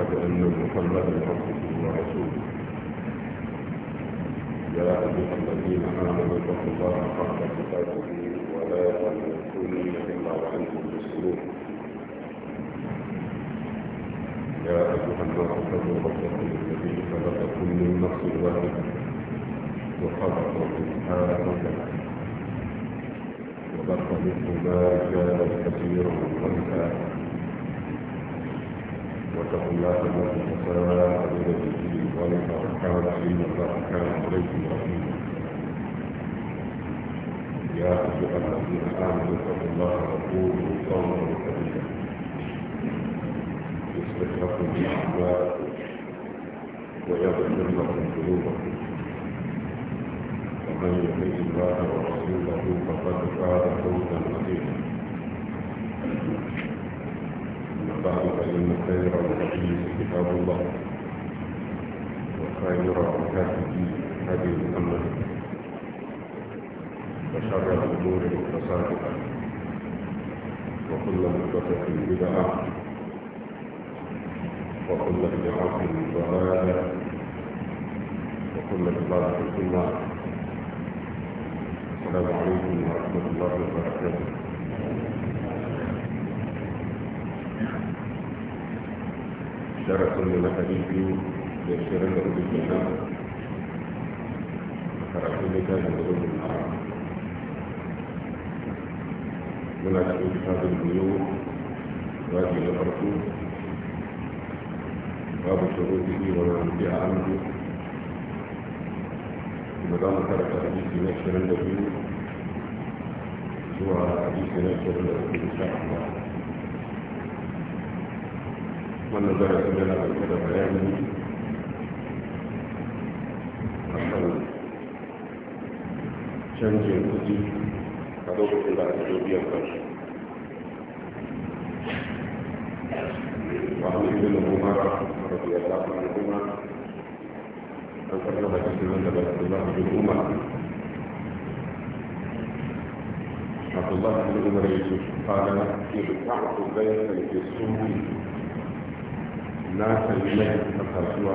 أشهد أن محمدا عبده ورسوله يا أيها الذين آمنوا اتقوا الله حق تقاته ولا تموتن إلا وأنتم مسلمون يا أيها الناس اتقوا ربكم الذي خلقكم من نفس واحدة وخلق منها رجلا وبث منهما رجالا كثيرا ونساء واتقوا الله الذي تساءلون به والارحام ان الله كان عليكم رحيما يا ايها الذين امنوا اتقوا الله وقولوا قولا سديدا يصلح لكم اعمالكم ويغفر لكم ذنوبكم ومن يطيع الله ورسوله فقد فاز فوزا عظيما بعد فإن خير الحديث كتاب الله وخير هذه هدي محمد وشر الأمور مختصاتها وكل مختصة بدعة وكل بدعة ضلالة وكل ضلالة في النار السلام عليكم ورحمة الله وبركاته darasin mu na biyu da shirin da hudu kenan karatu ta da gudun a muna da ɗauki fadin biyu wajen na farko babu shuru da yi wa rufi a hannu da za mu karanta hadisi na shirin da zuwa na wannan zara sun yana alamu da bayanin akan canjin kudi a lokacin da ake biyan kansu ba mu ibi na kuma a biya ba a kuma an karfa da kasi nan da bada zuwa a biyu kuma a kuma ba a biyu kuma da yake fara yin kwanakon gaya da na sayi mai a kasuwa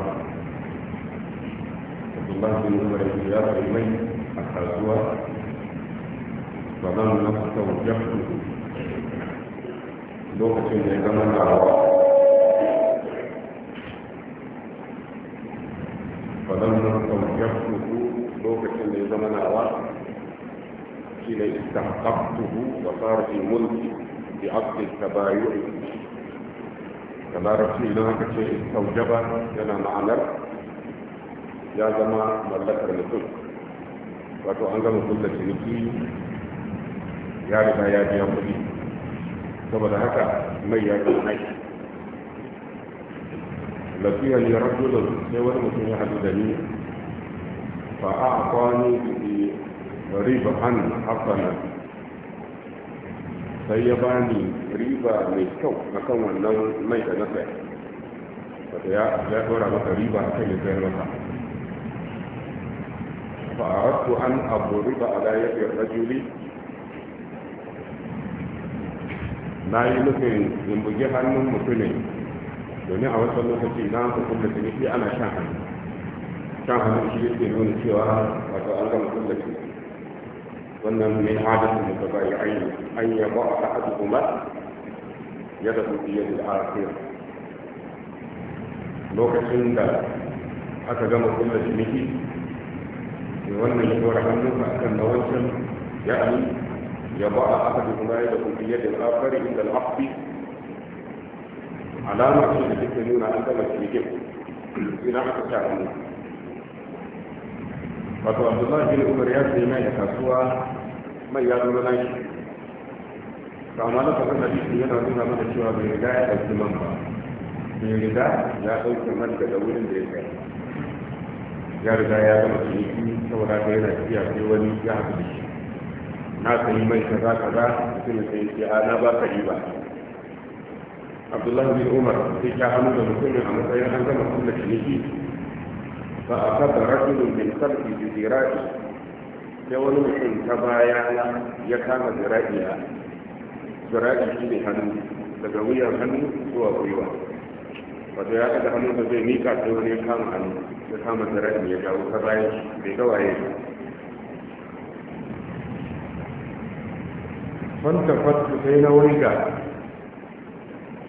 abdullahi bin umar ya sayi mai a kasuwa ba zan na sauƙaƙu lokacin da ya zama nawa فلما توجهته لوكة اللي زمن أواه إلى استحققته وصار في ملكي بعقد التبايع da larabci idan aka ce taujaba yana ma'anar ya zama mallakar mutum wato an gama kulla ciniki ya riga ya biya kuɗi saboda haka mai ya zama mai lafiyar ya rajulun sai wani mutum ya hadu da ni fa a kwani riba an hasanan sai ya ba ni riba mai kyau a kan wannan mai da na sai wata ya ya maka riba kan ya sayar maka a rasu an abu riba aburida ala da juli na yi nufin in bugi hannun mutumin domin a wasu lokaci na hukum da ciniki ana shan hannu shan hannun shi yake nuna cewa wato an gama kullaci wannan min hadasin mutabayi'ain an ya da su fiye da akhir lokacin da aka gama da jimiki ne wannan ya dora a kan na wancan ya ali ya ba a aka duk ya da kuma yadda al'afari inda al'afi alama ce da take nuna an gama jimikin idan aka sa hannu wato abdullahi bin umar ya sai mai kasuwa mai ya zama nan shi kama na kasar da shi yana nuna mana cewa bai riga ya ɗauki man ba bai riga ya ɗauki man daga wurin da ya kai ya riga ya zama ciniki saboda ka yana tafiya sai wani ya haɗu da shi na sayi mai kaza kaza sai na sayi ce a na ba ka yi ba. abdullahi bin umar sai ya hannu da mutumin a matsayin an gama kulla ciniki fa akhadha rajulun min khalfi bi zira'i sai wani mutum ta baya ya kama zira'iya zira'i shi ne hannu daga wuyan hannu zuwa gwiwa wato ya kada hannu da zai mika sai wani ya kama hannu ya kama zira'i ya jawo ta baya bai gawaye fanta fanta sai na wani ga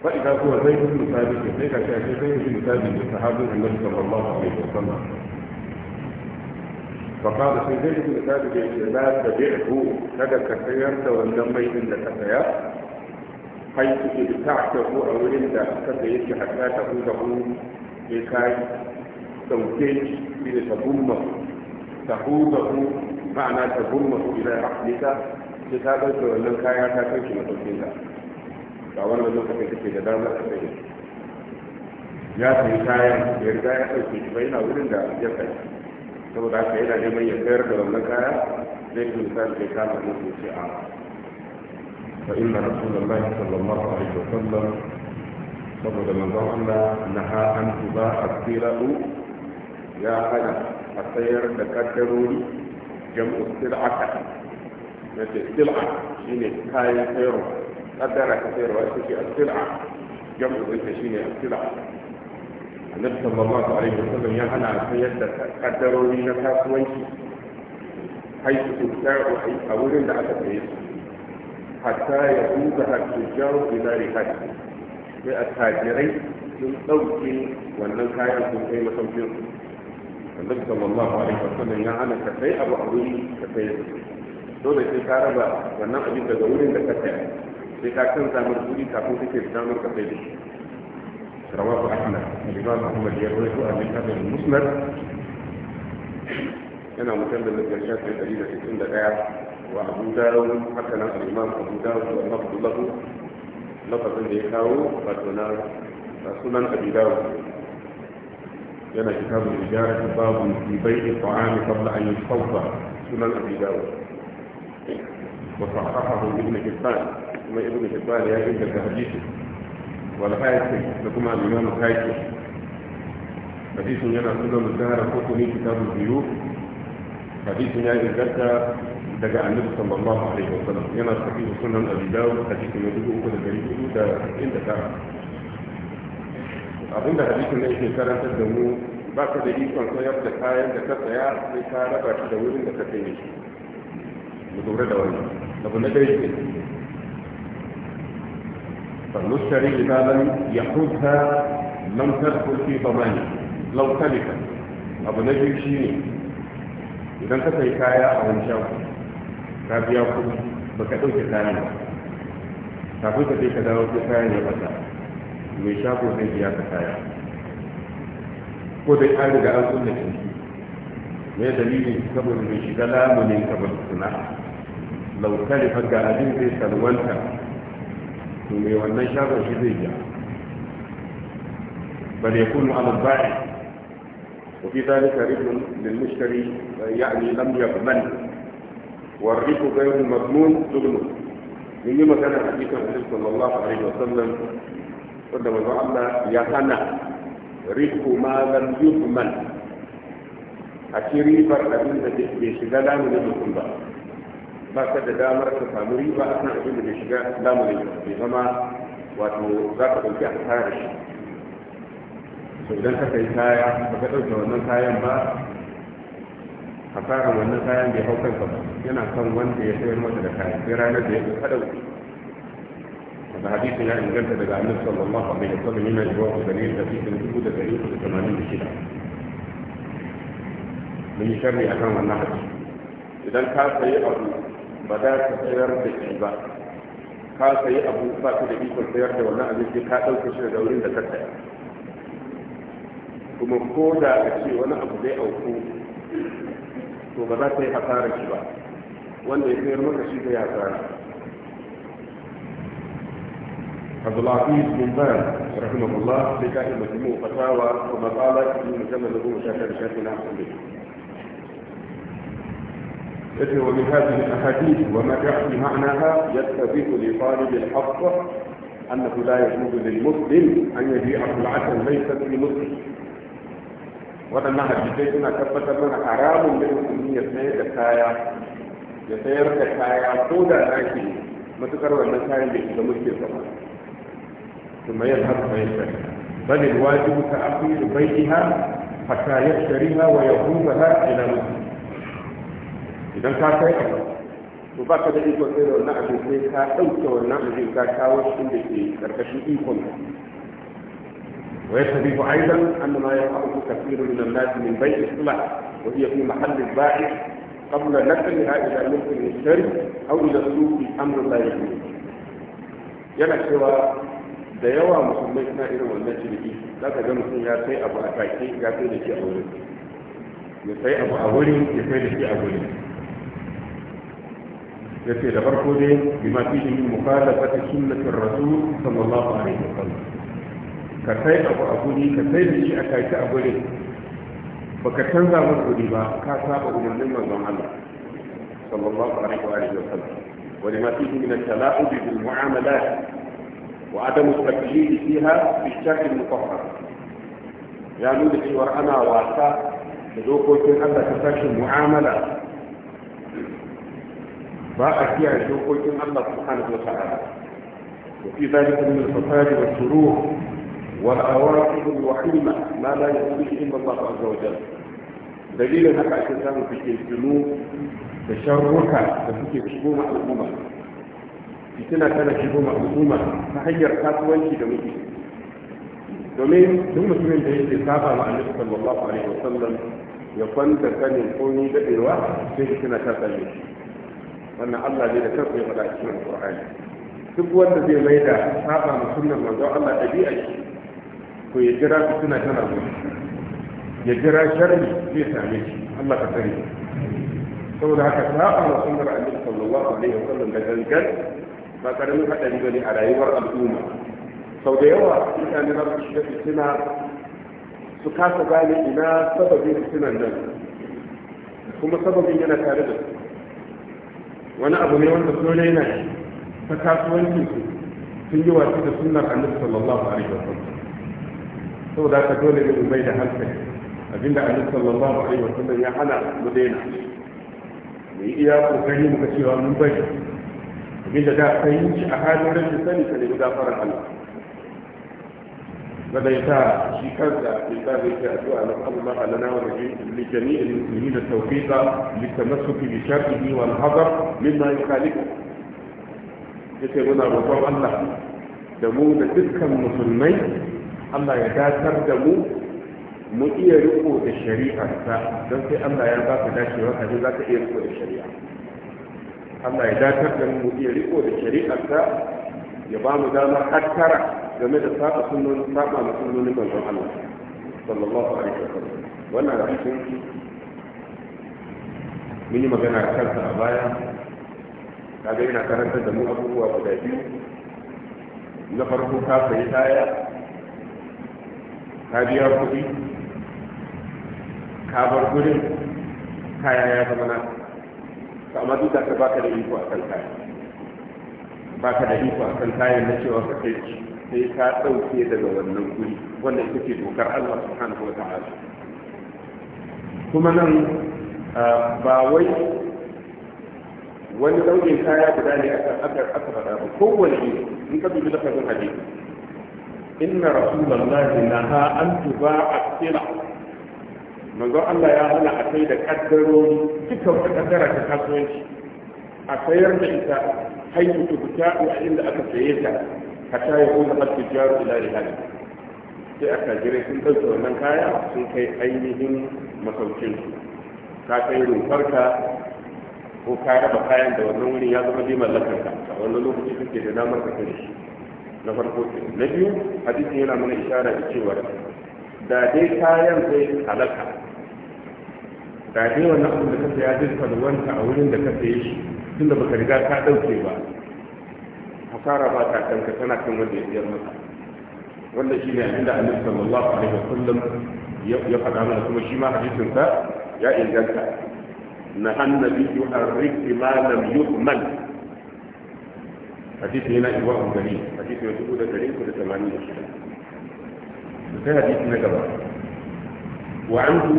فإذا هو زيد بن ثابت كيف كان زيد بن ثابت الصحابي النبي صلى الله عليه وسلم فقال في زيد بن ثابت لا تبعه لك كسيرت ولم يكن لك سيار حيث تعشق أو انت كسيرت حتى تقوده لكي الى تضمه تقوده معنى تضمه إلى عقلك لتابعته ولم كان يتكيش لتوكيشه ba wannan lokacin ka kake da damar ka sai ya sai kayan ya riga ya ɗauke shi bai na wurin da ya kai saboda haka yana neman ya sayar da wannan kaya zai fi misali zai kama ne su ce a fa inna rasulullahi sallallahu alaihi wa sallam saboda manzon Allah naha an tuba asiratu ya hana a sayar da kaddarori jam'u sil'ata yace sil'a shine kayan sayarwa kaddara ka sayarwa ita ce asila jam'u ɗinta shi ne asila annabi sallallahu alaihi wasallam ya hana sayar da kaddarori na kasuwanci haitu tujaru a wurin da aka saye su hatta ya duba tujaru ila rihati sai a sun ɗauke wannan kayan sun kai masaukin su annabi sallallahu alaihi wasallam ya hana ka sai abu ka dole raba wannan abin wurin da ka sai ka kan samun kuɗi kafin kake da damar ka sai da shi رواه أحمد الإمام أحمد يروي عن الأبي المسند أنا مكمل للجلسات في دليل في عند وأبو داود حكنا الإمام أبو داود واللفظ له لفظ يكاو فتنا سنن أبي داود لنا كتاب الإجارة باب في بيع الطعام قبل أن يستوفى سنن أبي داود وصححه ابن حبان ثم ابن حبان يا ابن الحديث والحاكم لكما الإمام الحاكم حديث ينا سنة الزهرة كتني كتاب البيوت حديث يا إذكا دجا النبي صلى الله عليه وسلم ينا الحديث سنن أبي داود حديث يدوه كل بريد انت إنت تعرف اظن hadisin da yake karantar da mu ba ka da ikon sayar da kayan da ka saya sai ka raba shi da wurin da ka mu lura da wani, abu na ɗaya ke فالمشتري إذا لم ya لم nan في ضمانه لو تلفت abu na biyu shi ne idan ka sai kaya a wani shago ka biya kuɗi ba ka ɗauke kayan ba kafin ka je ka dawo ko kayan ya bata mai shago zai biya ka kaya ko dai an riga an kunna shi me dalilin saboda mai shiga lamunin kamar suna? sana'a لو كلفة قادم في سلوانك ثم يوالنشا وشديجا بل يكون على البائع وفي ذلك رب للمشتري يعني لم يقبل والرب غير المضمون تغنو من يما كان حديث النبي صلى الله عليه وسلم قدما وعلا يا سنة رب ما لم يضمن أشريفا أبنى بشدلان من المكنبات ba ka da damar ka samu riba a kan abin da bai shiga lamunin bai zama wato za ka ɗauki a da shi so idan ka kai kaya ba ka ɗauke wannan kayan ba hasaran wannan kayan bai hau kanka ba yana kan wanda ya sayar masa da kayan sai ranar da ya ka ɗauki هذا حديث لا إن جلت دقاء النبي صلى الله عليه وسلم هنا جواب دليل حديث نتبو دليل في الثمانين بشدة من شر أكام النحج إذا كان سيء أبو ba za ka sayar da shi ba ka sayi abu ba ka da ikon sayar da wannan abin sai ka ɗauke shi daga wurin da ka saya kuma ko da a ce wani abu zai auku to ba za ka yi hasarar shi ba wanda ya sayar maka shi zai hasara عبد العزيز بن باز رحمه الله في كائن مجموع فتاوى ومقالات في مجلد ابو مشاكل شيخنا حسن يجب من هذه الأحاديث وما جاء معناها يثبت لطالب الحق أنه لا يجوز للمسلم أن يبيع العسل ليس في مسلم ولما حديثنا كفت من حرام من المسلمين يسمي كسايا يسير كسايا طودا لكن ما تكرر المسائل بإذن المسلم ثم يذهب فيشتري بل الواجب تأخير بيتها حتى يشتريها ويقودها إلى مسلم idan ka sai ka to ba ka da iko sai da wannan abin sai ka dauke wannan abin ka kawo shi da ke karkashin iko ne wa aidan ikon ويستبيح أيضا أن ما يقعه كثير من الناس من بيع السلع وهي في محل البائع قبل نقلها إلى ملك المشتري أو إلى السوق أمر لا يملك. yana cewa da yawa musulmai suna irin wannan ciniki za ka ga mutum ya sai abu a take ya sai da shi a wurin ya sai abu a wurin ya sai da shi a wurin yace da farko dai bima fi min mukhalafati sunnatir rasul sallallahu alaihi wasallam ka kai abu a guri ka kai da shi a kaki a guri baka canza mun guri ba ka saba umarnin manzon Allah sallallahu alaihi wa sallam ولما فيه من التلاعب بالمعاملات وعدم التقليد فيها بالشكل Ya nuna cewa ana wasa da dokokin Allah ta sashin mu'amala فأكيع شوقي إن الله سبحانه وتعالى وفي ذلك من الفساد والسرور والأواقف الوحيمة ما لا يقوله إلا الله عز وجل دليل هكا كتابه في كيف جنوب تشاركا تفكي بشبوم الأمومة في سنة كان شبوم الأمومة تحير كاتوان في دمجي دومين دوم سنين دهي كتابة مع النبي صلى الله عليه وسلم يقول تكاني القوني دائروا في سنة كاتوان wannan Allah ne da kansa ya faɗa a cikin Qur'ani duk wanda zai mai da saba mu sunnar manzon Allah dabi'a shi to ya jira su suna tana zuwa ya jira sharri zai same shi Allah ka sani saboda haka saba mu sunnar Annabi sallallahu alaihi wa sallam da gangan ba karamin hadari bane a rayuwar al'umma sau da yawa mutane za su shiga fitina su kasa gane ina sababin fitinan nan kuma sababin yana tare da su wani abu ne wanda sun raina ta kasuwanci sun yi wasu da sunnar annabi sallallahu alaihi wasallam saboda ka dole ne mu mai da hankali abinda annabi sallallahu alaihi wasallam ya hana mu daina mu yi iya kokari muka cewa mun bari abinda da ka yi shi a halin rashin sani ka nemi gafarar Allah فليتا شكاكا لذلك أدعو على الله لنا ولجميع المسلمين التوفيق للتمسك بشرعه والحذر مما يخالفه yake muna roƙon Allah da mu da dukkan musulmai Allah ya datar da mu mu iya riko da shari'arsa don sai Allah ya ba ka wa ka za ka iya riko da shari'a Allah ya datar da mu mu iya riko da shari'arsa ya ba mu dama hattara game da saba sunnoni saba na sunnoni manzon Allah sallallahu alaihi wasallam wannan hadisin mun yi magana a kansa a baya kaga yana karantar da mu abubuwa guda biyu na farko ka sayi taya ka biya kuɗi ka bar gurin kaya ya zama na ka amma duk da ka baka da iko a kan kaya baka da iko a kan kaya na cewa ka kai sai ka ɗauke daga wannan guri wanda ita ce dokar Allah subhanahu wa ta'ala kuma nan ba wai wani ɗauke kaya guda ne aka faɗa ba kowane ne in ka dubi lafazin hadisi inna rasulullahi naha an tuba asila manzo Allah ya hana a kai da kaddarori duka wata kaddara ta kasuwanci a sayar da ita hayyu tubta inda aka saye ta hatta ya kuma hatta jaru ila rihali sai aka jira sun ɗauke wannan kaya sun kai ainihin masaukin su ka kai ka ko ka raba kayan da wannan wurin ya zama bai mallakar ka a wannan lokaci ke da damar ka kai shi na farko ke na biyu hadisi yana mana ishara da cewa da dai kayan zai halaka da dai wannan abin da ka saya zai wanka a wurin da ka saye shi tunda baka riga ka ɗauke ba hasara ba ta kanka tana kan wanda ya biyar masa wanda shi ne abinda annabi sallallahu alaihi wasallam ya faɗa mana kuma shi ma hadisin sa ya inganta na annabi yu'arrifu ma lam yu'man hadisi yana iwa ungari hadisi ya dubu da dari uku da tamanin da shida sai hadisi na gaba wa anhu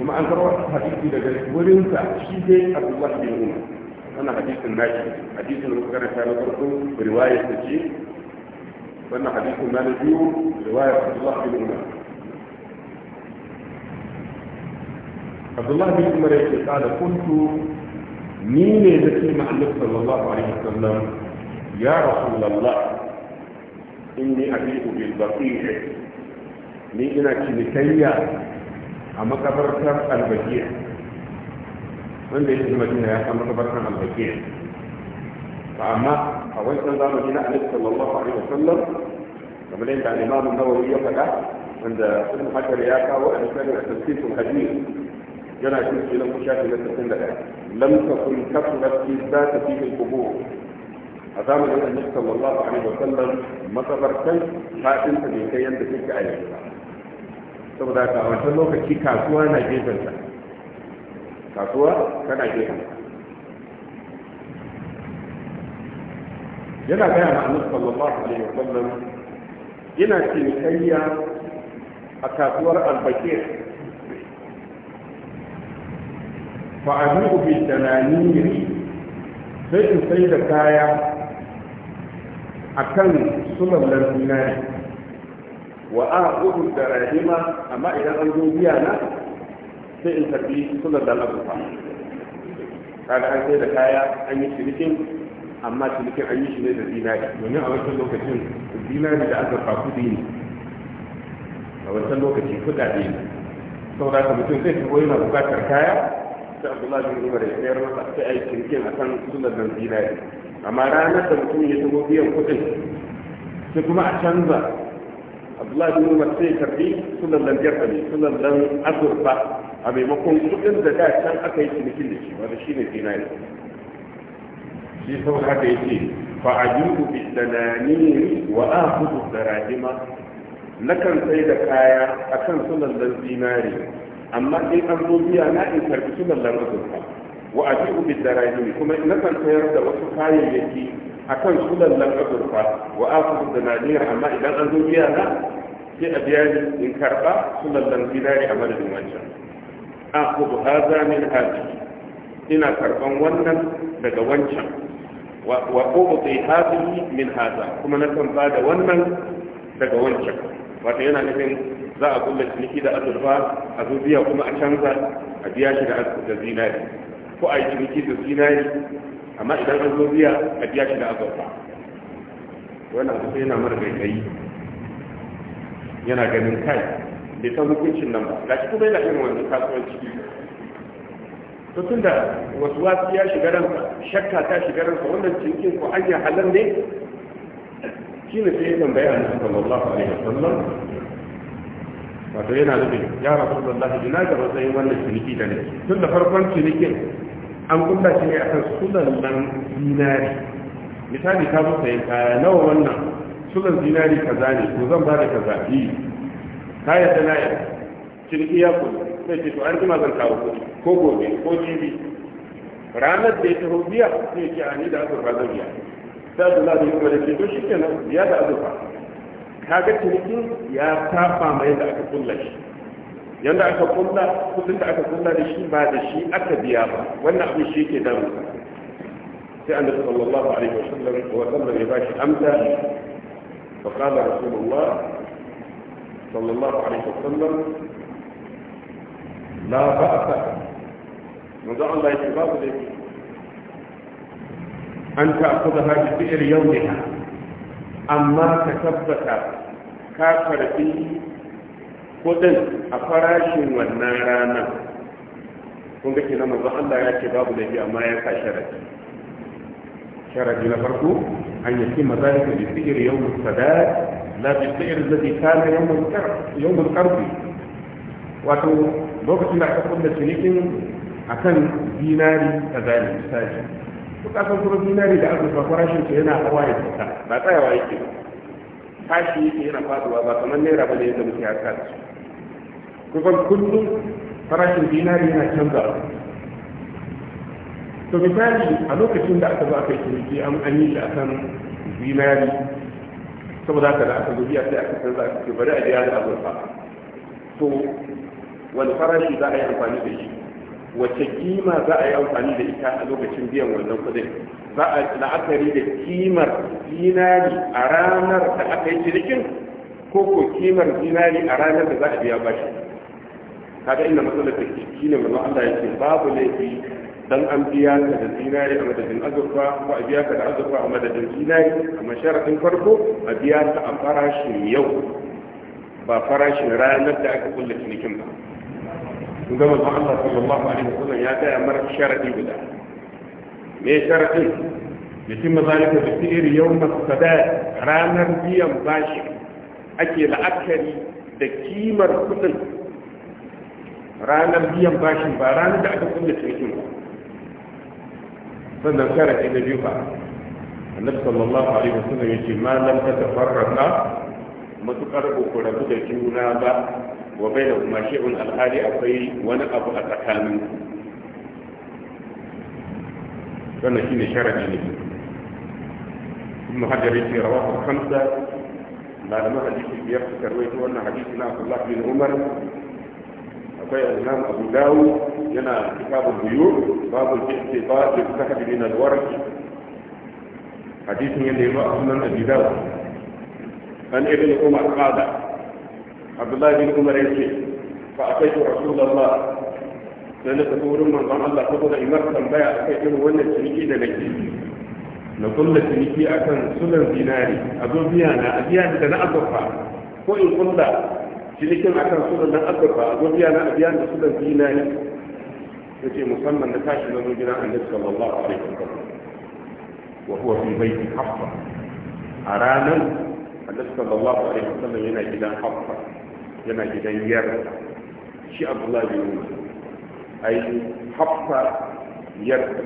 kuma an karwa hadisi daga wurinsa shi dai abdullahi bin umar أنا حديث مالكي حديث المذكر كان برضه برواية نجيب وأنا حديث مالكي برواية عبد الله بن عمر عبد الله بن عمر قال كنت مين ذكي مع النبي صلى الله عليه وسلم يا رسول الله إني أبيت بالبقيح مين أنا كنتيا أما كبرت البقيح wanda yake madina ya san makabartan albaqiya to amma a wancan zamani na annabi sallallahu alaihi wasallam kamar yadda al-imam an-nawawi ya faɗa wanda ibn hajar ya kawo a cikin tafsirul hadith yana cikin sunan shafi na 61 lam takun kasrat fi zati fi al-qubur a zamanin annabi sallallahu alaihi wasallam makabartan fadin ta bai kai yadda take a yanzu saboda ka a wancan lokaci kasuwa na gefen sa kasuwa kana gefen yana gaya ma annabi sallallahu alaihi wasallam ina cinikayya a kasuwar albakir fa ajibu bi tananiyi sai in sai da kaya akan sulallan dinari wa a udu da rahima amma idan an zo biya na sai in karbi sunan da Allah fa kaga an sai da kaya an yi cinikin amma cinikin an yi shi ne da zinari domin a wancan lokacin zinari da aka fa kudi ne a wancan lokacin kudade ne saboda ka mutum zai shigo yana bukatar kaya sai Abdullahi bin Umar ya sayar masa sai a yi cinikin a kan sunan da zinari amma ranar da mutum ya shigo biyan kudin sai kuma a canza abdullahi bin umar sai karbi sunan nan jarfani sunan nan azurfa a maimakon kudin da da can aka yi cinikin da shi wanda ne zinari shi sau haka ya ce fa ajibu bi danani wa a akhudhu darahima nakan sai da kaya akan sunan nan zinari amma in an zo biya na in karbi sunan nan azurfa wa ajibu bi darahimi kuma kan sayar da wasu kayayyaki akan sunan nan azurfa wa aku da naniyar amma idan an zo biya na sai a biya ni in karba sunan nan dinari a madadin wancan aku bu haza min haji ina karban wannan daga wancan wa ko sai hazi min haza kuma na kan da wannan daga wancan Wata yana nufin za a kulle ciniki da azurfa a zo biya kuma a canza a biya shi da zinari ko a yi ciniki da zinari amma idan an zo biya a biya shi da azurfa wannan abu sai yana mara gaigayi yana ganin kai bai san hukuncin nan ba ga shi kuma yana irin wannan kasuwanci to tun da wasu wasu ya shiga ran shakka ta shiga ran wannan cikin ko hanya halar ne shi ne sai ya tambaya annabi sallallahu alaihi wasallam wato yana nufin ya rasulullahi ina ga matsayin wannan ciniki da ne tun da farkon cinikin an kulla shi ne akan sunan nan zinari misali ta zo sayan kaya nawa wannan sunan zinari kaza ne ko zan ba da kaza yi kaya ta na yau ciniki ya kudu sai ce to an jima zan kawo kuɗi ko gobe ko jibi ranar da ya taho biya sai ce a ni da azurfa zan biya sai da za da yi kuma da ce to shi kenan biya da azurfa ga cinikin ya tafa mai da aka kulla shi yanda aka kulla kudin da aka kulla da shi ba da shi aka biya ba wannan abin shi ke da sai annabi sallallahu alaihi wasallam wa sallam ya bashi amsa fa qala rasulullah sallallahu alaihi wasallam la ba'sa mun manzo Allah yake babu da shi an ta ta'khudha bi fi'l yawmiha amma ka tabbata ka karbi kudin a farashin wannan ranar kun ga kenan manzo Allah ya ce babu laifi amma ya sa sharadi sharadi na farko an yi kima zalika bi sihr yawm sadaq la bi sihr alladhi kana yau al karfi wato lokacin da aka kunna cinikin akan dinari kazali misali to kasan kuma dinari da azurfa farashin su yana hawa ya fita ba tsayawa yake tashi yake yana faduwa ba kamar naira bane yadda muke harka da su kusan kullum farashin dinari yana canza to misali a lokacin da aka zo aka yi ciniki an yi shi a kan dinari saboda haka da aka zubi a sai aka canza aka ce bari a biya da abin azurfa to wani farashi za a yi amfani da shi wacce kima za a yi amfani da ita a lokacin biyan wannan kudin za a la'akari da kimar dinari a ranar da aka yi cinikin ko ko kimar dinari a ranar da za a biya bashi kaga inda matsalar ta ke shine manzo Allah yake babu laifi dan an biya ka da dinari a madadin azurfa ko a biya ka da azurfa a madadin dinari amma sharadin farko a biya ka a farashin yau ba farashin ranar da aka kulle cinikin ba kun ga manzo Allah sallallahu alaihi wasallam ya ga mar sharadi guda me sharadin mutum mazalika da fi'ir yawm as-sada ranar biyan bashi ake la'akari da kimar kudin ranar biyan bashin ba ranar da aka kulle cikin sannan sharaɗi na biyu ba annabi sallallahu alaihi wasallam ya ce ma lam tatafarraqa matukar ku rabu da juna ba wa baina da kuma shi'un alhali akwai wani abu a tsakanin wannan shine sharadi ne kuma hajar yake rawahu khamsa malaman hadisi biyar suka rawaito wannan hadisi na Abdullah bin Umar akwai al-imam abu dawud yana kitabul buyur babu jinsi ba da sahabi min al-warq hadisin yana ba sunan abi dawud an ibn umar qada abdullah bin umar yace fa akaitu rasulullah dan da wurin manzon Allah ta saboda imar tambaya a kai irin wannan ciniki da nake na kulla ciniki akan sunan zinari. a zo biya na a biya da na azurfa ko in kulla cinikin a kan sunan nan azurfa a gobiya na abiya da sunan zinari ya ce musamman na tashi na zo gidan annabi sallallahu alaihi wasallam wa huwa fi baiti hafsa a ranar annabi sallallahu alaihi wasallam yana gidan hafsa yana gidan yarda shi abdullahi bin musa ai hafsa yarda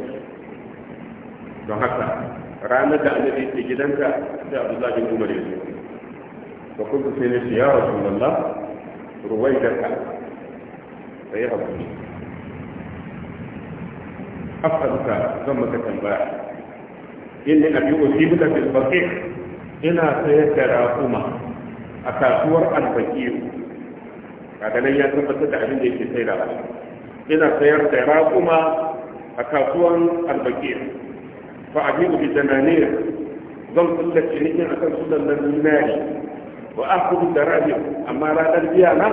don haka ranar da annabi ke gidanka sai abdullahi bin umar ya zo fa kuntu sai ne ya rasulullah ruwai da ka da ya haku afaluka zan maka tambaya Yin inni abi usibuka bil faqih ina sayar da raquma a kasuwar al-faqih ya tabbatar da abin da yake sayarwa ina sayar da raquma a kasuwar al-faqih fa abi bi dananir zan kullace ni akan sunan nan dinari wa akudu da rabiya amma ranar biya na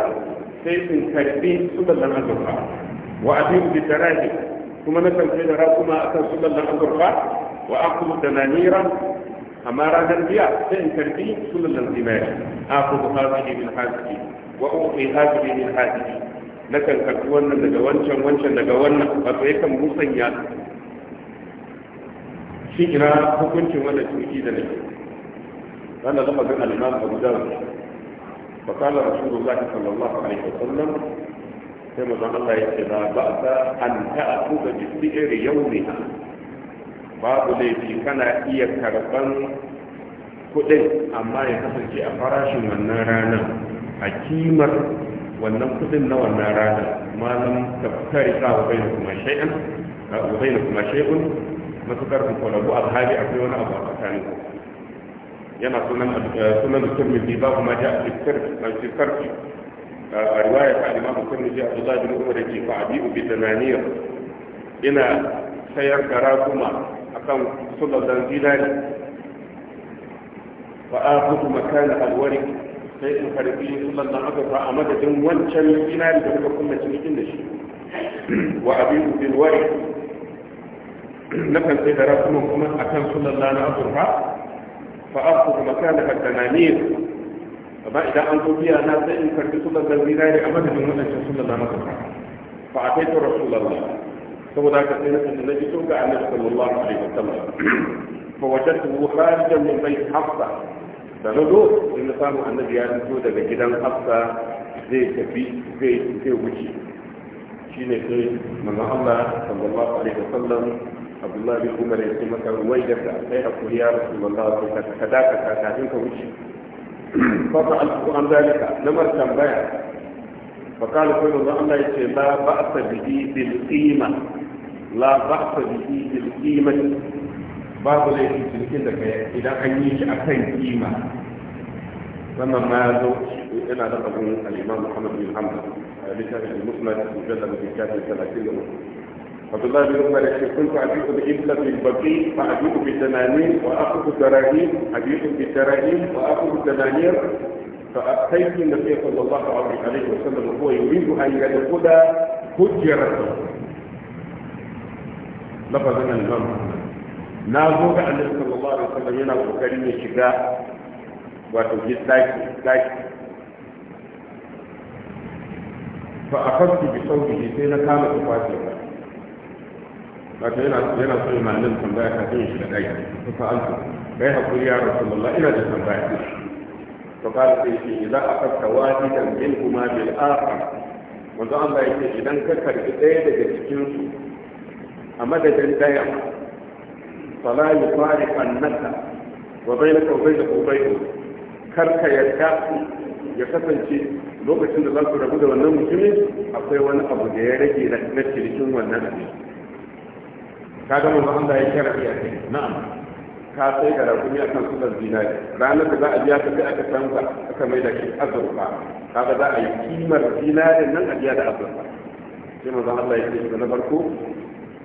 sai in karbi sulallan azurfa wa abiyu bi daraji kuma na kanke da rakuma akan sulallan azurfa wa akudu da nanira amma ranar biya sai in karbi sulallan zinari akudu haziki min haziki wa uqi haziki min haziki na kan karbi wannan daga wancan wancan daga wannan wato yakan musanya shi ina hukuncin wannan cuki da nake wannan zama ga al-imam Abu Dawud fa qala rasulullahi sallallahu alaihi wasallam sai manzon Allah ya ce ba ba'sa an ta'khudha yau ne yawmiha babu laifi kana iya karban kuɗi amma ya kasance a farashin wannan a kimar wannan kudin na wannan rana malam taftari ta wa bayyana kuma shay'an wa bayyana kuma shay'un matukar ku kwalabu alhali akwai wani abu a tsakanin ku yana sunan eh, sunan turmizi ba kuma ja'a fi sirri sirri a riwaya ta imam turmizi abdullah bin umar yake fa abiu bi dananiyar ina sayar da rakuma akan suladan dinari wa aqutu makana alwarik sai in karbi suladan azfa a madadin wancan dinari da kuka kunna cikin da shi wa abiu bil warik nakan sai da rakuman kuma akan suladan azfa fa'afu makana haddananiyar amma idan an zo biya na zai in karbi sunan zanzina ne a madadin wadancan sunan na maka fa a kai ta rasulallah saboda haka sai na na fito ga annabi sallallahu alaihi wasallam fa wajadtu kharijan min bayt hafsa da na zo in na samu annabi ya fito daga gidan hafsa zai tafi zai wuce. Shi ne sai manzon Allah sallallahu alaihi wasallam عبد الله بن عمر يقول لك رويدة أخيرك يا رسول الله كذا كذا كذا كذا أنت عن ذلك نمر كم بيع فقال كل الله أن لا بأس به بالقيمة لا بأس به بالقيمة بعض الناس في لك إذا أن يجي أخي قيمة فما ماذا إلى أدخل الإمام محمد بن حمد بكتاب آه، المسلم مجلد في كتاب 30 عبد الله بن عمر كنت أبيت بإبلة البقيع فأبيت بتنانير وأخذ دراهم أبيت بدراهم وأخذ دنانير فأتيت النبي صلى الله عليه وسلم وهو يريد أن يدخل هجرته من الإمام نازو نعم، النبي صلى الله عليه وسلم ينا وكريم الشجاع وتوجد داكي فأخذت بصوته سينا كانت فاتحة wato yana yana so ya mallin tambaya kafin shi da dai fa alku kai hakuri ya rasulullah ina da tambaya to kala sai shi idza aqta wahidan min huma bil akhar manzo Allah ce idan ka karbi daya daga cikin su a madadin daya fala yufariq annaka wa bainaka wa bainaka ubaydu ka yarda ya kasance lokacin da za ku rabu da wannan mutumin akwai wani abu da ya rage na cikin wannan abin Ka mun ba Allah ya kira iya kai na'am ka sai ga rakumi kan sunan zinari ranar da za a biya ka sai aka san ka aka mai da shi azurfa kaga za a yi kimar zinari nan a biya da azurfa sai manzon Allah ya ce na farko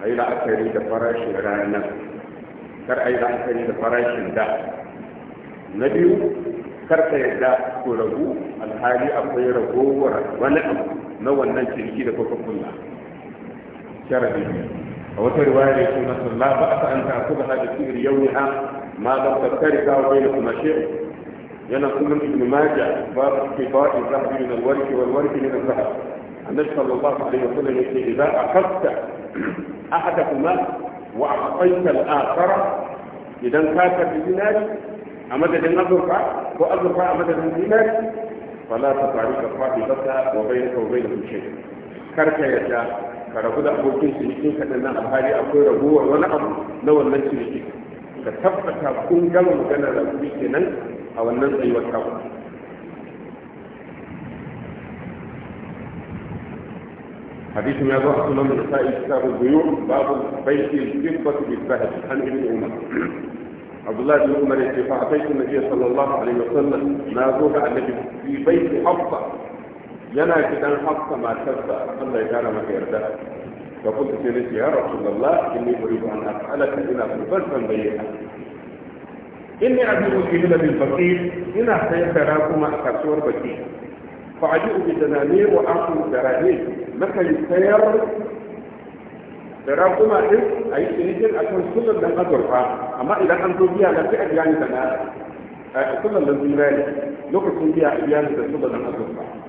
yi la'akari da farashin ranar kar a yi la'akari da farashin da na biyu kar ka yarda ko ragu alhali akwai ragowar wani abu na wannan ciniki da kuka kulla sharadi وفي روايه في لا باس ان تاخذها بسير يومها ما لم تفترق ما شئت ينا كلهم ابن ماجه باب اتباع الذهب من الورك والورك من الذهب النبي صلى الله عليه وسلم يقول اذا اخذت احدكما واعطيت الاخر اذا كاك بدينار امدد النظرك واظرك امدد الدينار فلا تطعيك صاحبك وبينك وبينه شيء كرك يا جاه ka rabu da abokin cinikin ka nan alhali akwai raguwar wani abu na wannan cinikin ka tabbata kun gama magana da kuɗi kenan a wannan tsayuwar kawo حديث ما ذو أصلا من نسائي كتاب البيوع باب بيت الفضة بالذهب عن ابن عمر عبد الله بن عمر يقول فأتيت النبي صلى الله عليه وسلم ما ذو الذي في بيت حفصة yana kidan hafsa matarsa Allah ya gara maka yarda ka kuntu ce nace ya rasulullah inni uridu an as'alaka ila qurban tambayka inni abiru jihla bil faqir ina sai kara kuma a kasuwar baki fa aji'u bi danamir wa aqu darahim maka sayar da kuma din ayi yi cinikin a kan sunan da azurfa amma idan an zo biya da fi ajiyani da na sunan da zinari lokacin biya ajiyani da sunan dan azurfa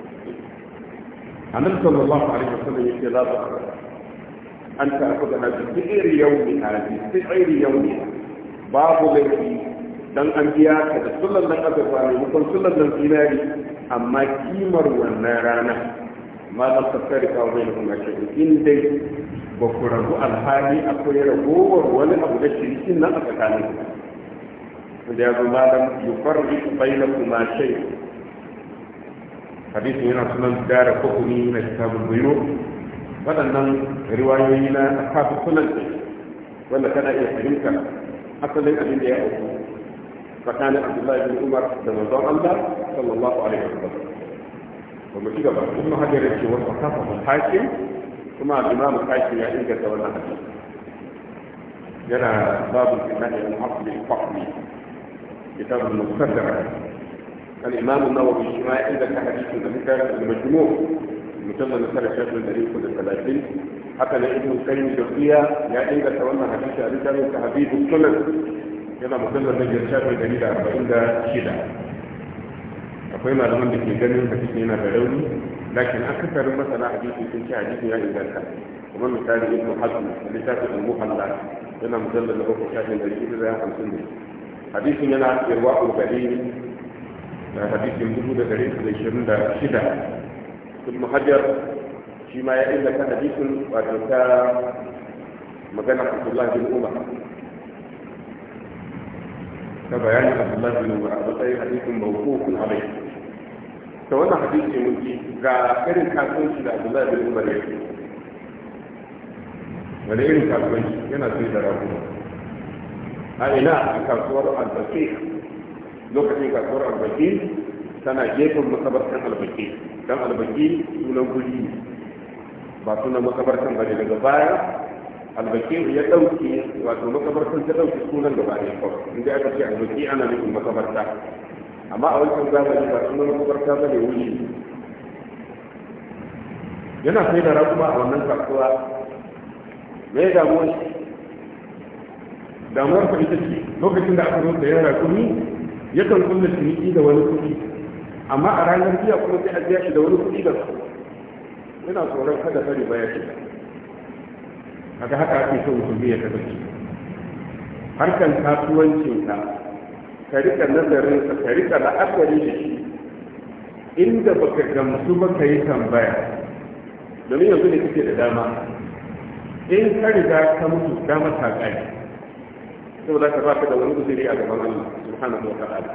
annabi sallallahu alaihi wasallam yake la ba an ta ku da bi sirri yawmi hadi sirri yawmi babu laifi dan an biya ka da sullan nan azurfa ne mukan sullan nan zinari amma kimar wannan rana ma za ta tsari kawo mai kuma shirin in dai ba ku rabu alhali akwai ragowar wani abu da shirikin nan a tsakanin ku da ya zo malam yufarri bainakum ma shay'un hadisi yana sunan dara kokuni na kitabul biro waɗannan riwayoyi na kafi sunan wanda kana iya fahimta asalin abin da ya auku tsakanin abdullahi bin umar da manzon allah sallallahu alaihi wa wasallam ba mu ci gaba ibnu hajar ya ce wasu kafa hakim kuma imam hakim ya inganta wannan hadisi yana babu kitabi al-asli faqli kitabul mustadrak الإمام النووي الشمائي إذا كان حديث النبي كان المجموع المسمى مثلا شيخ من دليل كل الثلاثين حتى لابن القيم الجوزية يا إذا تولى حديث أبي كان كحبيب السنن كما مسمى من يرشاد من دليل أربعين شدة أقول ما لمن بك الجنة فتشنينا بلوني لكن أكثر مثلا حديث يمكن حديث يا إذا كان ومن مثال ابن حزم اللي شاف المحلى كما مسمى له شاف من دليل أربعين حديث يلعب إرواء بليل Da hadisin dubu da ɗari da shirin da shida ibn hajar shi ma ya illata hadisin wato ta magana abdullahi bin umar ta bayanin abdullahi bin umar a matsayin hadisin mawqufun alayhi ta wannan hadisi mun ji ga irin kasuwanci da abdullahi bin umar ya yi wani irin kasuwanci yana sai da rakuma a ina a kasuwar al albasir lokacin kasuwar albaki tana gefen makabartan albaki don albaki sunan guri ne ba sunan makabartan ba ne daga baya albaki ya ɗauki wato makabartan ta ɗauki sunan da ba ne kawai inda aka ce albaki ana nufin makabarta amma a wancan zamani ba sunan makabarta ba ne wuri yana sai da rakuma a wannan kasuwa me damuwar damuwar ka ita ce lokacin da aka zo da yana rakumi yakan kulle ciniki da wani kuɗi amma a ranar biya kuma sai a biya shi da wani kuɗi da su Yana tsoron kada fari baya shiga kaga haka ake so musulmi ya kasance harkan kasuwancin ka ka rika nazarin ka ka rika la'akari da shi inda baka gamsu ba ka yi tambaya domin yanzu ne kuke da dama in ka riga ka mutu dama ta kai saboda ka ba ka da wani uzuri a gaban Allah سبحانه وتعالى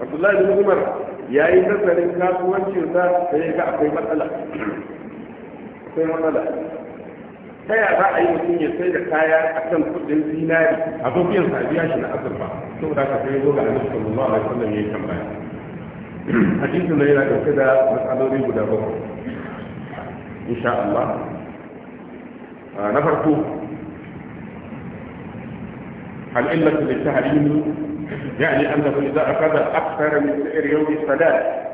عبد الله بن عمر يا يسر ان كان وجه ذا في مثلا في مثلا هيا رأي مسيني سيد كايا أكثر كل الزينار أبو بيان سعيدي عشنا الله عليه وسلم يجمع حديث الليلة كده مسألة ريب دابو إن شاء الله آه، نفرتو العلة للتحريم يعني أنه إذا أخذ أكثر من سعر يوم الصلاة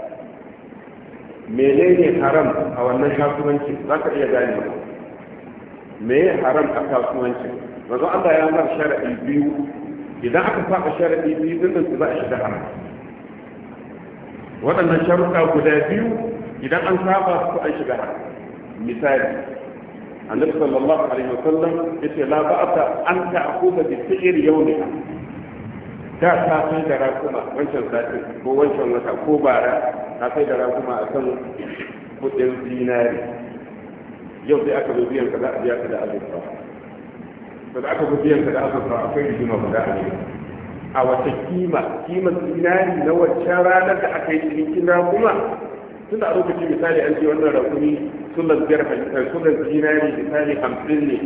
menene haram a wannan kasuwanci za ka iya gane ba me haram a kasuwanci mazo Allah ya bar sharadi biyu idan aka saba sharadi biyu dinnan za a shiga haram waɗannan sharuɗa guda biyu idan an saba su an shiga haram misali annabi sallallahu alaihi wasallam yace la ba'ata an ta'khudha bi fi'l yawmiha da ta sai da rakuma wancan sati ko wancan wata ko bara ta sai da rakuma a kan kudin zinari yau sai aka zo biyan ka za a biya ka da azurfa da aka zo biyan ka da azurfa akwai rigima guda a cikin a wata kima kimar dinari na wancan ranar da aka yi cikin rakuma tun a lokacin misali an ce wannan rakumi sunan biyar halittar eh, sunan dinari misali hamsin ne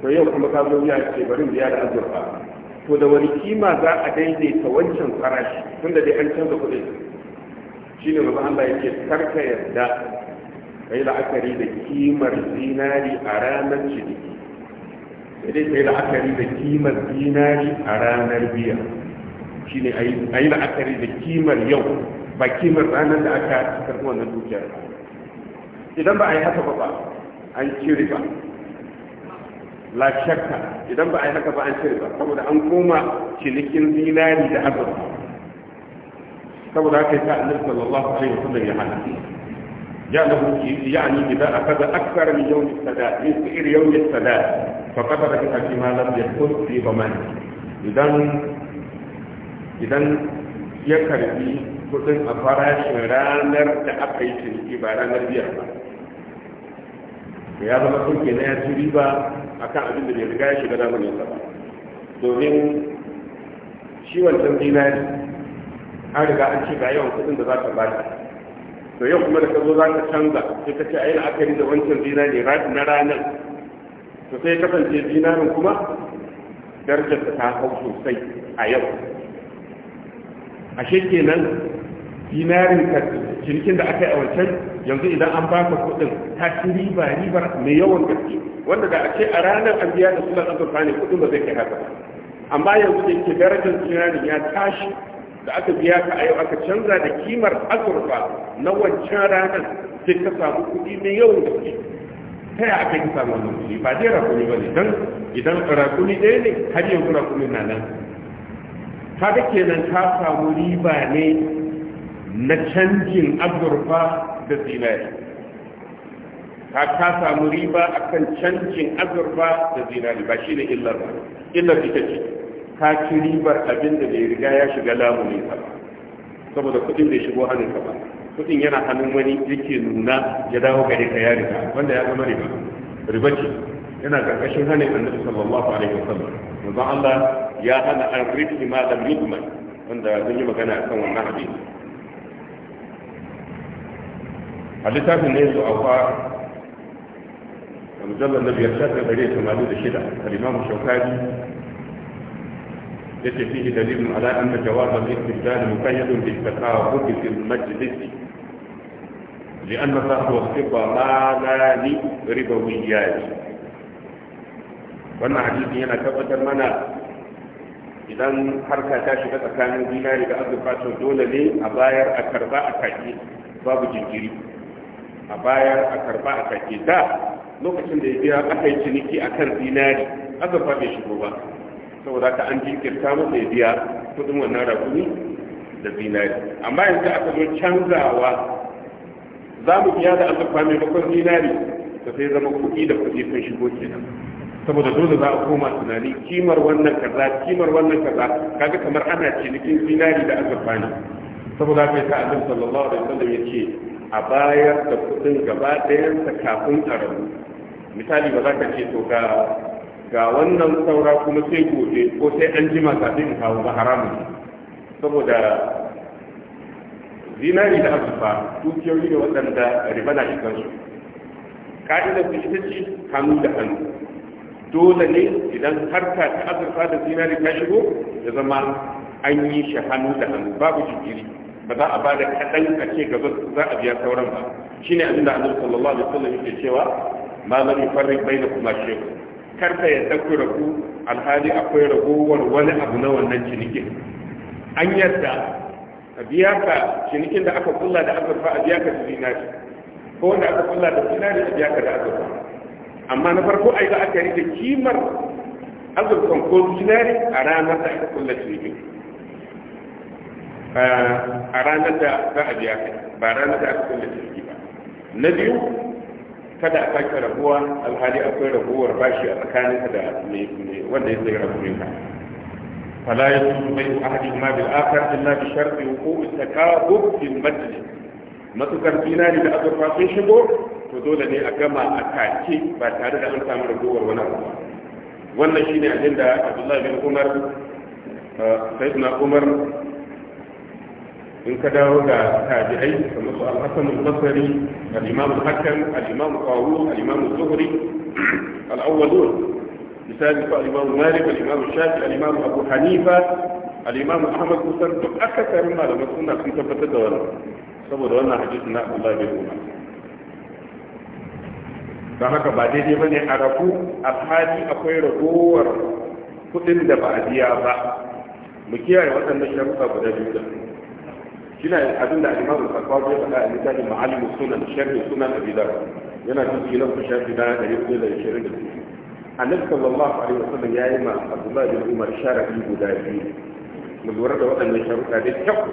to yau kuma ka zo ya ce bari biya da azurfa to da wani kima za a daidaita wancan farashi tun da dai an canza kuɗin shi ne mazu Allah yake karka yarda ka yi la'akari da kimar zinari a ranar ciniki sai dai ka yi la'akari da kimar zinari a ranar biya shi ne a yi la'akari da kimar yau ba kimar ranar da aka karfi wannan dukiyar idan ba a yi haka ba an ci riba لا شك إذا بقى هكا بقى أنشر بقى طب ده أنكوما شلك الميلاني ده أبدا طب ده كيف أعلم صلى الله عليه وسلم يا حالك جاء له يعني إذا أخذ أكثر من يوم السداء من سئر يوم السداء فقد ركب فيما لم يكن في ضمان إذا إذا يكر في كتن أفرا شرانر شلك بارانر بيرمان ويا بابا كنت كنا يا akan abin da bai riga ya shiga damar ba domin shi wancan zinari an riga an ce ga yawan kudin da za ka bada to yau kuma da ka zo za ka canza sai ka ce a yi la'akari da wancan zinari na ranar to sai kasance zinarin kuma darajar ta hau sosai a yau ashe kenan dinarin ka cinikin da aka yi a wancan yanzu idan an baka kuɗin ta ci riba ribar mai yawan gaske wanda da ake a ranar an biya da sunan azurfa ne kudin ba zai kai haka amma yanzu da yake darajar tunanin ya tashi da aka biya ka a yau aka canza da kimar azurfa na wancan ranar sai ka samu kuɗi na yau da ke ta yi aka yi samun wannan kuɗi ba dai rakuni ba ne don idan rakuni ɗaya ne har yanzu rakuni na nan da kenan ka samu riba ne na canjin azurfa da zinari ka ka samu riba akan canjin azurfa da zinari ba shi ne illar ba illar ita ce ka ci ribar abin da bai riga ya shiga ne ba saboda kuɗin bai shigo hannun ka ba kuɗin yana hannun wani yake nuna ya dawo gare ka ya riga wanda ya zama riba riba ce yana karkashin hannun annabi sallallahu alaihi wasallam manzo Allah ya hana an rifi ma da mitman wanda zan yi magana akan wannan hadisi a littafin ne zuwa mujallar na biyar shafin ɗari da tamanin da shida al'imamu shaukari ya ce fihi dalilin ala an da jawazan istibdal muqayyadun bi taqawud fil majlis لأن الرهن والفضة مالان ربويان wannan hadisi yana tabbatar mana idan harka ta shiga tsakanin dinari da azurfa dole ne a bayar a karba a kake babu jinkiri a bayar a karba a kake da lokacin da ya biya aka yi ciniki a kan dinari aka faɗe shigo ba saboda ka an jinkirta masa ya biya kudin wannan rakumi da dinari amma yanzu aka zo canzawa za mu biya da azurfa maimakon dinari da sai zama kuɗi da kuɗi sun shigo kenan saboda dole za a koma tunani kimar wannan kaza kimar wannan kaza kaga kamar ana cinikin dinari da azurfa ne saboda haka yasa annabi sallallahu alaihi wasallam ce a bayar da kuɗin gaba ɗayan sa kafin a rabu misali ba za ka ce to ga ga wannan saura kuma sai gobe ko sai an jima kafin in kawo ba haramun saboda zinari da azufa dukiyoyi da waɗanda riba na shigar su ka'idar su ita ce hannu da hannu dole ne idan harka ta azurfa da zinari ta shigo ya zama an yi shi hannu da hannu babu jikiri ba za a ba da kaɗan a ce gaba za a biya sauran ba shine abin da annabi sallallahu alaihi wasallam yake cewa ma lam yufarriq bainakuma shay'a karta ya ku rabu alhali akwai ragowar wani abu na wannan cinikin an yarda a biya ka cinikin da aka kulla da azurfa a biya ka da dinari ko wanda aka kulla da dinari a biya ka da azurfa amma na farko ai za aka da kimar azurfan ko dinari a ranar da aka kulla cinikin a ranar da za a biya ka ba ranar da aka kulla cinikin ba na biyu kada a sake rabuwa alhali akwai rabuwar bashi a tsakaninka da wanda ya zai rabuwa فلا يجوز بيع احدهما بالاخر الا بشرط وقوع التكاذب في المجلس matukar ne da azurfa sun shigo to dole ne a gama a take ba tare da an samu ragowar wani abu wannan shine abin da abdullahi bin umar eh, sayyidina umar in ka dawo da tabi'ai kamar su al-hasan al-basri al-imam al-hakim al-imam qawu al-imam az-zuhri al-awwalun misali ko al-imam malik al-imam shafi al-imam abu hanifa al-imam ahmad kusan duk akasarin malaman sunna sun tabbatar da wannan saboda wannan hadisin na Abdullah bin Umar don haka ba daidai ba ne a rabu a hali akwai ragowar kudin da ba a biya ba mu kiyaye waɗannan sharuɗa guda biyu da su كلا الحديث عن إمام الخطاب يقول لا إمام المعلم السنة الشاب السنة أبي دار هنا في كلا الشاب لا يقول إلا يشارك النبي صلى الله عليه وسلم يا إمام عبد الله بن عمر شارك لي بدايتي من ورد وأن يشارك هذه الحق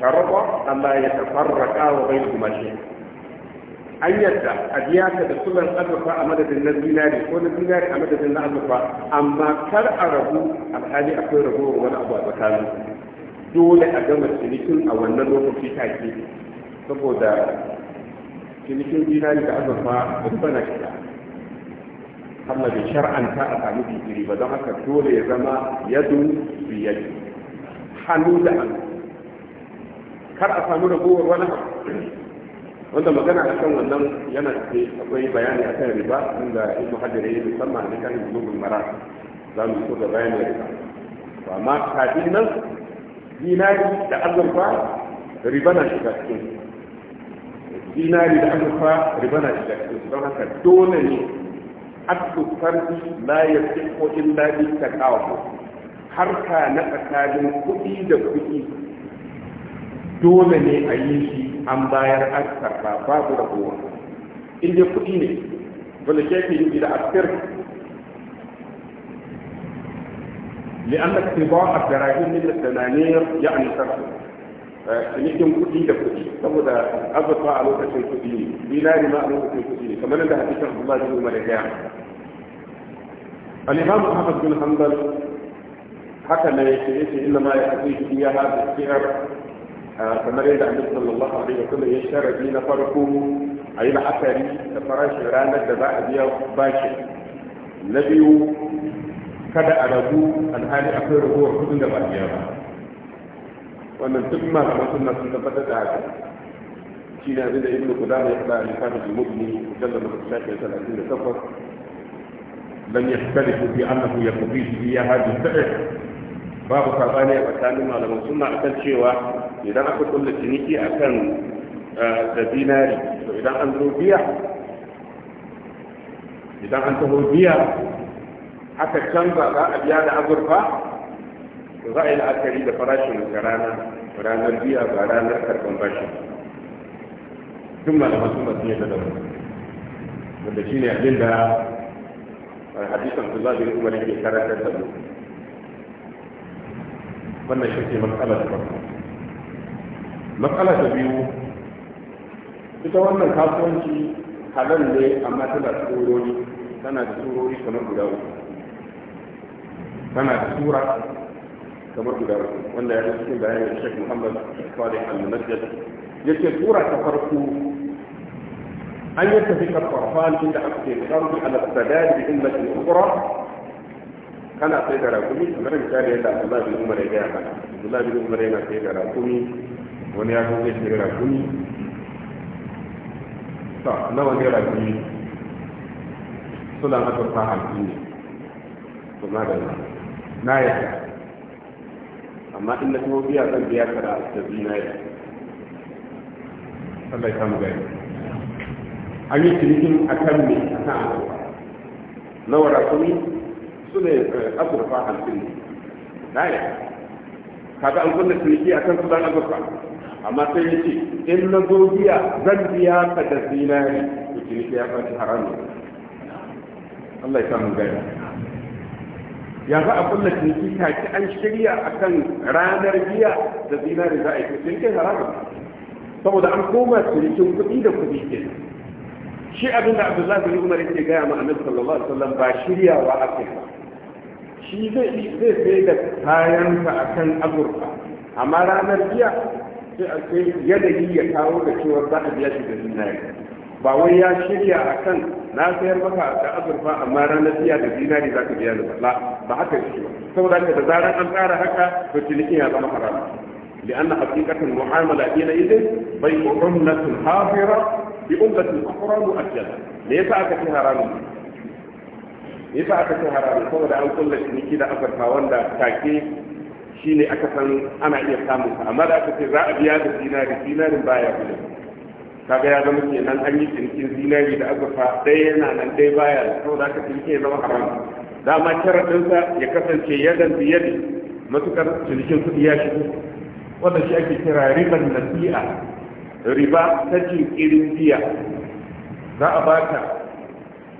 شرط أن لا يتفرق وبينهما شيء أن يدع أدياك بسنة الأدفة أمدة النبينا لكون النبينا أمدة النبينا أما كالعربو أبحالي أقول ربو ابو أبكالي dole a gama cinikin a wannan lokaci take saboda cinikin dinari da azurfa rufa na shiga Allah bai shar'anta a sami digiri ba don haka dole ya zama yadu biyadi hannu da hannu kar a samu ragowar wani abu wanda magana a kan wannan yana ce akwai bayani a kan riba inda ibn hajar ya musamman a kan gudun mara za mu so da bayani riba amma kafin nan Zinari da azurfa riba na shiga cikin Zinari da azurfa riba na shiga cikin don haka dole ne aksu fardi la yasihu illa bi taqawu harka na tsakanin kuɗi da kuɗi dole ne a yi shi an bayar an karɓa babu rabuwa in dai kuɗi ne wanda ke yi da asir لأن اتباع الجرائم من التنانير يعني سرقة آه، يمكن كتي ده كتي تبغى ده أبغى طاعة لو كتي كتي بلا ما لو كتي كتي كمان ده هتيجي عبد الله بن مالك الإمام أحمد بن حنبل حكم يشتري إنما يشتري في هذا السعر آه، كما رأي عن صلى الله عليه وسلم يشتري في نفركم أي العتري فراش رانا دباع بيا باشر نبيو kada a ragu alhali akwai rabuwar kudin da ba biya ba wannan duk malaman sunna sun tabbatar da haka shi ne abin da ibn qudama ya faɗa al-fatiha bil jalla wa shafi 38 لم يختلفوا في انه يقضيه في هذه الفئه babu sabani a tsakanin malaman suna akan cewa idan aka kulle ciniki akan eh, da dinari to idan an zo biya idan an taho biya aka canza za a biya da azurfa za a yi la'akari da farashin ga ranar biya ba ranar karban bashi duk malaman sun masu yadda da wani wanda shi ne abin da hadisan su zaɓi kuma da ke karatar da mu wannan shi ke matsala ta farko matsala ta biyu ita wannan kasuwanci halal ne amma tana tsorori tana da tsorori kamar guda uku فما سورة تمرد دارك وانا يا رسول بها الشيخ محمد صالح المسجد يتي سورة تفرق أن يتفق الطرفان في تحقيق الشرط على السداد بأمة أخرى أنا سيدة راكومي أنا كان يدع الله بن عمر إياها الله بن عمر إياها سيدة راكومي ونياه سيدة راكومي صح نوى نيرا كومي سلام أكبر صاحب كومي سلام أكبر صاحب na yarda amma in na kuma biya zan biya ka da bi na yarda Allah ya samu gari an yi cinikin a kan me a kan azurfa na wara warakuni su ne eh, azurfa hamsin ne na yarda kaga an kunna ciniki a kan sudan azurfa amma sai ya ce in na zo biya zan biya ka da zinari to ciniki ya kwanci haramun Allah ya samu gari yanzu za a kulla ta kaki an shirya akan ranar biya da zinari za a yi sai kai haramun saboda an koma cikin kuɗi da kuɗi ke shi abin da abdullahi bin umar yake gaya ma annabi sallallahu alaihi wasallam ba shiryawa akai ba shi zai zai sai da kayan ka akan azurfa amma ranar biya sai a sai yanayi ya kawo da cewa za a biya shi da zinari ba wai ya shirya akan na sayar maka da azurfa amma ranar biya da zinari za ka biya ni ba ba haka shi saboda haka da zarar an tsara haka to cinikin ya zama haram لأن حقيقة المعاملة حينئذ بيع عملة حاضرة بعملة أخرى مؤجلة ليس أكثر حرام yasa aka ce haramun saboda an kulla ciniki da azurfa wanda take shine aka san ana iya samun amma da aka ce za a biya da baya kudin kaga ya zama kenan an yi cinikin zinari da azurfa ɗaya yana nan dai baya za ka ciniki ya zama haram dama sharaɗinsa ya kasance yadan biyadi matukar cinikin kuɗi ya shigo wanda shi ake kira riban nasi'a riba ta jinkirin biya za a baka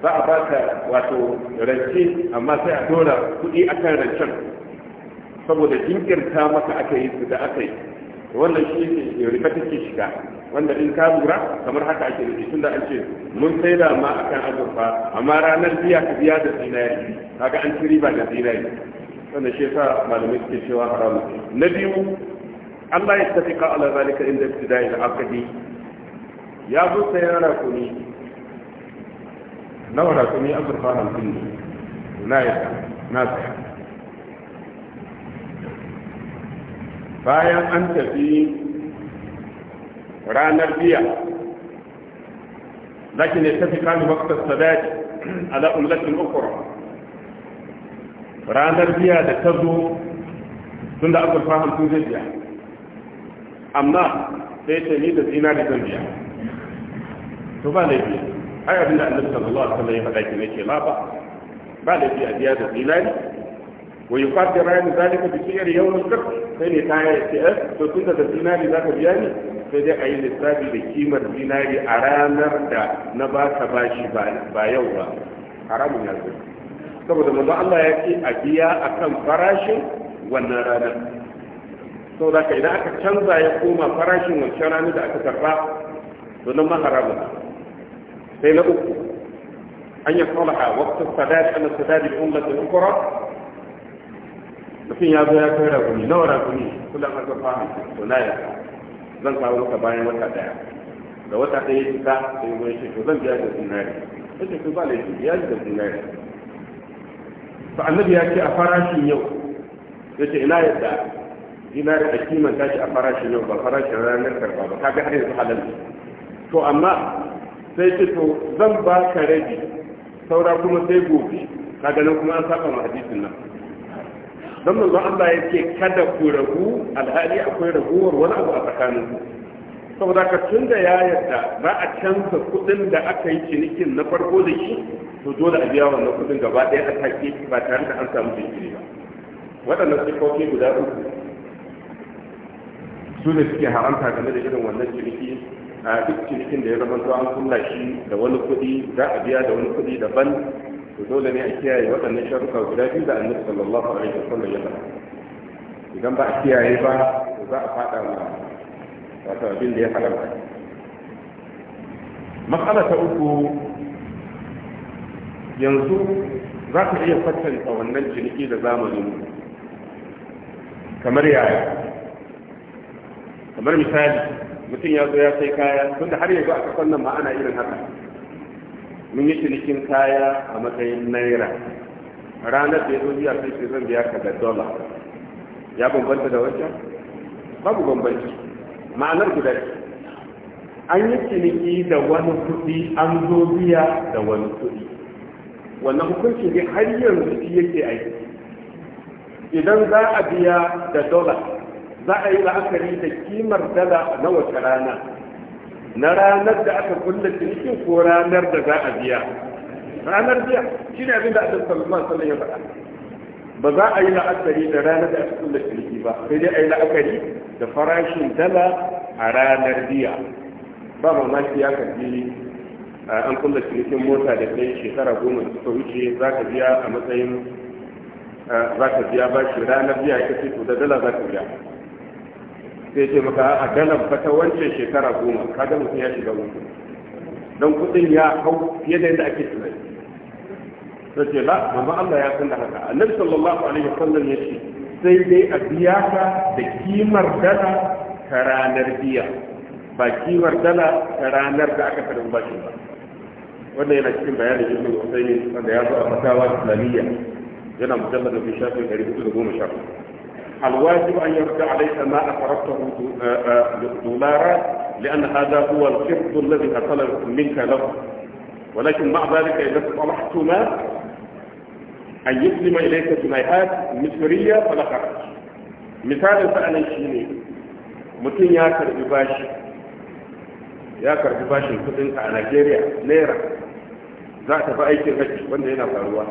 za a baka wato rance amma sai a dora kuɗi akan rancen saboda jinkirta maka aka yi da aka yi wannan shi ne riba ke shiga wanda in ka lura kamar haka ake nufi tunda an ce mun sai da ma akan azurfa amma ranar biya ka biya da zinari kaga an ci riba da zinari wannan shi yasa malamai suke cewa haramu na biyu Allah ya tafi ka ala zalika inda ibtida'i al-aqdi ya zo sayan rakuni nawa rakuni azurfa 50 ne na yasa. na saya bayan an tafi ranar biya zaki ne tafi kanu bakta a ala umlatin ukura ranar biya da ta zo tun da aka fahim sun zai biya amma sai ce ni da zina da zan biya to ba da biya ai abinda annabi sallallahu alaihi wasallam ya faɗa ki ne ke ma ba ba da biya biya da zinari ويقال رأي يعني ذلك بسير يوم الكف فإن تاية سئة أه؟ تسنة الدينار ذات بياني فإن أي لساب لكيمة الدينار أرانر دا نبا سباشي با يوم حرام يالبن طب دم الله الله يكي أجياء أكام فراش ونرانا طب ذاك إذا أكا تنزى يقوم فراش ونشرانا دا أكا تقرأ دون ما حرام سيلا أكو أن يصلح وقت الصداد أن الصداد الأمة الأخرى mutum ya zo ya kai raguni nawa raguni kullum an ka fahim to na yarda zan kawo maka bayan wata daya da wata ɗaya ya fita da ya ce shekaru zan biya da zinari ya ce to ba laifi biya da zinari ba annabi ya ce a farashin yau ya ce ina yadda zinari a kimanta shi a farashin yau ba farashin ranar karba ba ka ga har yanzu halal to amma sai ce to zan ba ka rabi saura kuma sai gobe ka ganin kuma an saba ma hadisin nan don manzo Allah ya ce kada ku rabu alhali akwai raguwar wani abu a tsakanin ku saboda ka tunda ya yarda za a canza kuɗin da aka yi cinikin na farko da shi to dole a biya wannan kuɗin gaba ɗaya a take ba tare da an samu jinkiri ba waɗannan sifofi guda uku su ne suke haramta game da irin wannan ciniki a duk cinikin da ya zama an kulla shi da wani kuɗi za a biya da wani kuɗi daban to dole ne a kiyaye waɗannan sharuka guda biyu da annabi sallallahu alaihi wasallam ya faɗa idan ba a kiyaye ba za a faɗa ma wato abin da ya haramta matsala ta uku yanzu za ka iya kwatanta wannan ciniki da zamanin kamar yaya kamar misali mutum ya zo ya sai kaya tunda har yanzu a kasan nan ma ana irin haka mun yi cinikin kaya a matsayin naira ranar da ya zo biya sai ce zan biya ka da dola ya bambanta da wancan babu bambanci ma'anar guda ce an yi ciniki da wani kuɗi an zo biya da wani kuɗi wannan hukuncin ne har yanzu shi yake aiki idan za a biya da dola za a yi la'akari da kimar dala na wata rana na ranar da aka kulle cinikin ko ranar da za a biya ranar biya shi ne abin da aka salman sallan ya faɗa ba za a yi la'akari da ranar da aka kulle ciniki ba sai dai a yi la'akari da farashin dala a ranar biya ba mamaki ya karbi an kulle cinikin mota da kai shekara goma da suka wuce za ka biya a matsayin za ka biya ba shi ranar biya ita ce to da dala za ka biya sai ce maka a dalar fata wancan shekara goma kaga mutum ya shiga mutu don kudin ya hau fiye da yadda ake tunani sai ce ba amma Allah ya san da haka annabi sallallahu alaihi wasallam ya ce sai dai a biya ka da kimar dala ta ranar biya ba kimar dala ta ranar da aka karbi bashin ba wannan yana cikin bayanin ibn Usaymin wanda ya zo a fatawa islamiyya yana mujallad bi shafi 414 الواجب أن يرجع عليك ما أقرضته آه، آه، دولارا لأن هذا هو القرض الذي أطلب منك له ولكن مع ذلك إذا طلحتما أن يسلم إليك جنيهات مصرية فلا حرج مثال فعلا شيني متين ياكر بباش ياكر بباش الكتن على نيجيريا ليرة ذات فأيك الهج وانا هنا فاروا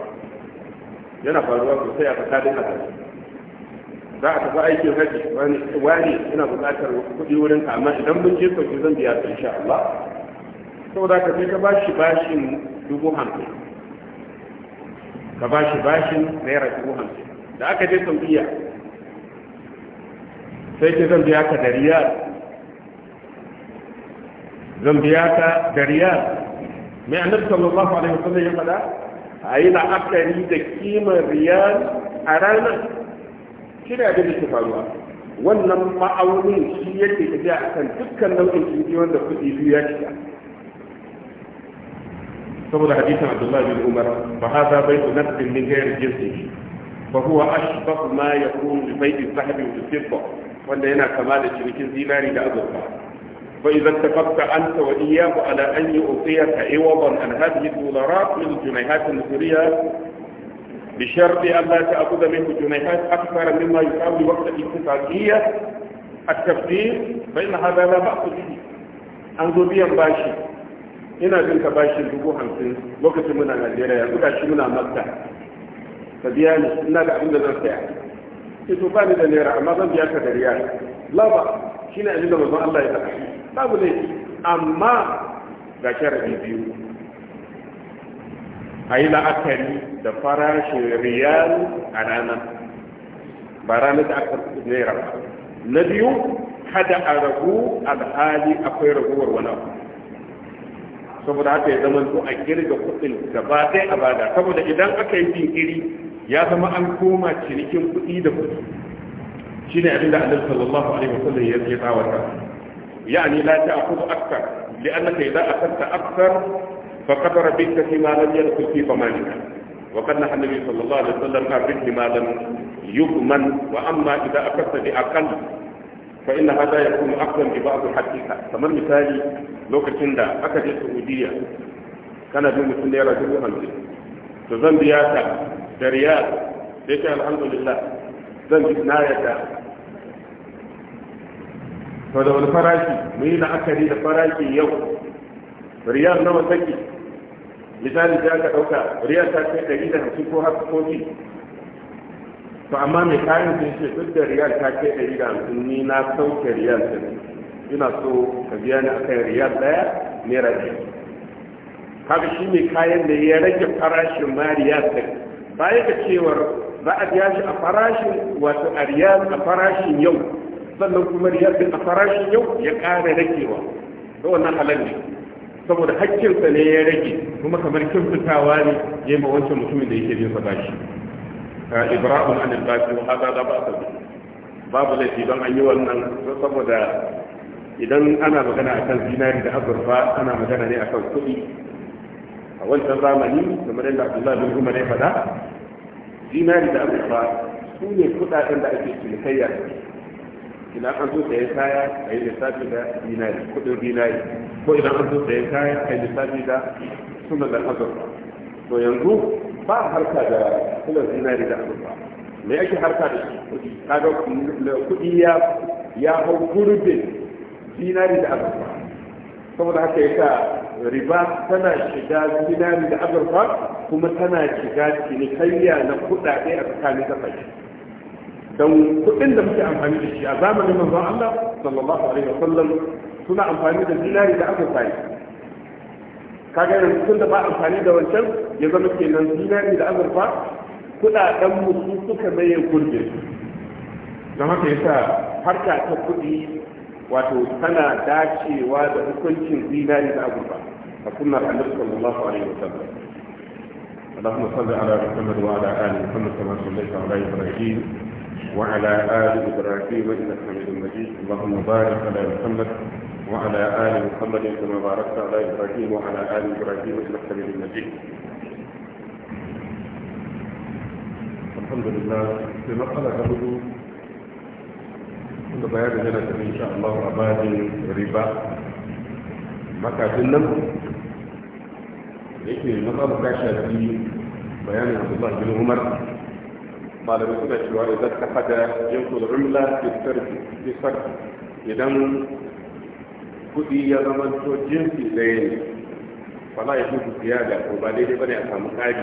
هنا فاروا وسيئة فتادي za a tafi aikin haji wani ina buƙatar kuɗi wurin amma idan mun je sauki zan biya su insha Allah saboda ka sai ka bashi bashin dubu hamsin ka bashi bashin naira dubu hamsin da aka je saudiya sai ke zan biya ka da riyal zan biya ka da riyal mai annabi sallallahu alaihi wasallam ya faɗa a yi la'akari da kimar riyal a ranar shi da abin faruwa wannan ma'aunin shi yake tafiya a kan dukkan nau'in ciniki wanda kuɗi biyu ya cika saboda hadisin abdullahi bin umar fa hadha baytu nafsin min ghayri jinsihi fa huwa ashbah ma yakun li bayti sahibi bi wanda yana kama da cinikin zinari da azurfa fa idan tafakka anta wa iyyahu ala an yu'tiyaka iwadan an hadhihi dolarat min junahat al-suriya بشرط ألا تأخذ منه جنيهات أكثر مما يساوي وقت اتفاقية التفضيل فإن هذا لا بأس به أنظر بيا باشي ina jin ka bashin dubu hamsin lokacin muna Najeriya yanzu ga shi muna Makka ka biya ni ina da abin da zan saya sai to bani da naira amma zan biya ka da riyal laba shine abin da manzon Allah ya faɗa babu ne amma ga sharadi biyu a yi la'akari da farashin riyal a ranar ba ranar da aka naira ba na biyu kada a ragu alhali akwai raguwar wani abu saboda haka ya zama a girga kuɗin ba sai a bada saboda idan aka yi jinkiri ya zama an koma cinikin kuɗi da kuɗi shi ne abinda annabi sallallahu alaihi wasallam ya ce tsawata ya'ani la ta'khudhu akthar li'annaka idha akhadta akthar فقدر بك فيما لم يذكر في فمانك وقد نحى النبي صلى الله عليه وسلم قال فيما لم يؤمن واما اذا اكلت باقل فان هذا يكون اقوى ببعض حقيقه فمن مثال لو كتندا اكل السعوديه كان في مسلم يرى جميع خمسين تزن بياتا دريات ليس الحمد لله زن بسنايتا فلو الفراشي مين اكل الفراشي يوم ريال نوى سكي misali za ka ɗauka riyar ta kai ɗari da hamsin ko haka ko fi to amma mai kayan sun ce duk da riyar ta kai ɗari da hamsin ni na sauke riyar ta ina so ka biya ni akan riyar ɗaya naira ɗaya kaga shi mai kayan da ya rage farashin ma riyar ta baya ga cewar za a biya shi a farashin wato a riyar a farashin yau sannan kuma riyar a farashin yau ya ƙara ragewa to wannan halal ne saboda hakkinsa ne ya rage kuma kamar kimfutawa ne ya ma wancan mutumin da yake bin sa bashi ibrahim an al-baqi wa hada da ba babu laifi don an yi wannan saboda idan ana magana a kan zinari da azurfa ana magana ne a kan kuɗi a wancan zamani kamar yadda abdullahi bin umar ya faɗa zinari da azurfa su ne kuɗaɗen da ake cinikayya idan an zo sayan kaya a yi lissafi da dinari kudin dinari ko idan an zo sayan kaya a yi lissafi da sunan da azurfa to yanzu ba harka da sunan dinari da azurfa me yake harka da shi kaga kudi ya ya hau gurbin dinari da azurfa saboda haka ya yasa riba tana shiga dinari da azurfa kuma tana shiga cinikayya na kudade a tsakanin kasashe don kuɗin da muke amfani da shi a zamanin manzon Allah sallallahu alaihi wasallam suna amfani da dinari da aka sai kaga yanzu tun da ba amfani da wancan ya zama kenan dinari da azurfa kuɗaɗen musu suka maye gurbin don haka yasa harka ta kuɗi wato tana dacewa da hukuncin zinari da azurfa a sunnar annabi sallallahu alaihi wasallam اللهم صل على محمد وعلى ال محمد كما صليت على ابراهيم وعلى آل إبراهيم إنك حميد مجيد اللهم بارك على محمد وعلى آل محمد كما باركت على إبراهيم وعلى آل إبراهيم إنك حميد مجيد الحمد لله في مرحلة هدوء da bayanin yana tafi insha Allah a bajin riba makafin nan yake na babu kashi a bayanin Abdullah bin Umar malamai suna cewa da zaka hada yankul rumla fi sarfi idan kuɗi ya zama to jinsi ɗaya ne fala ya fi da ko ba daidai bane a samu ƙari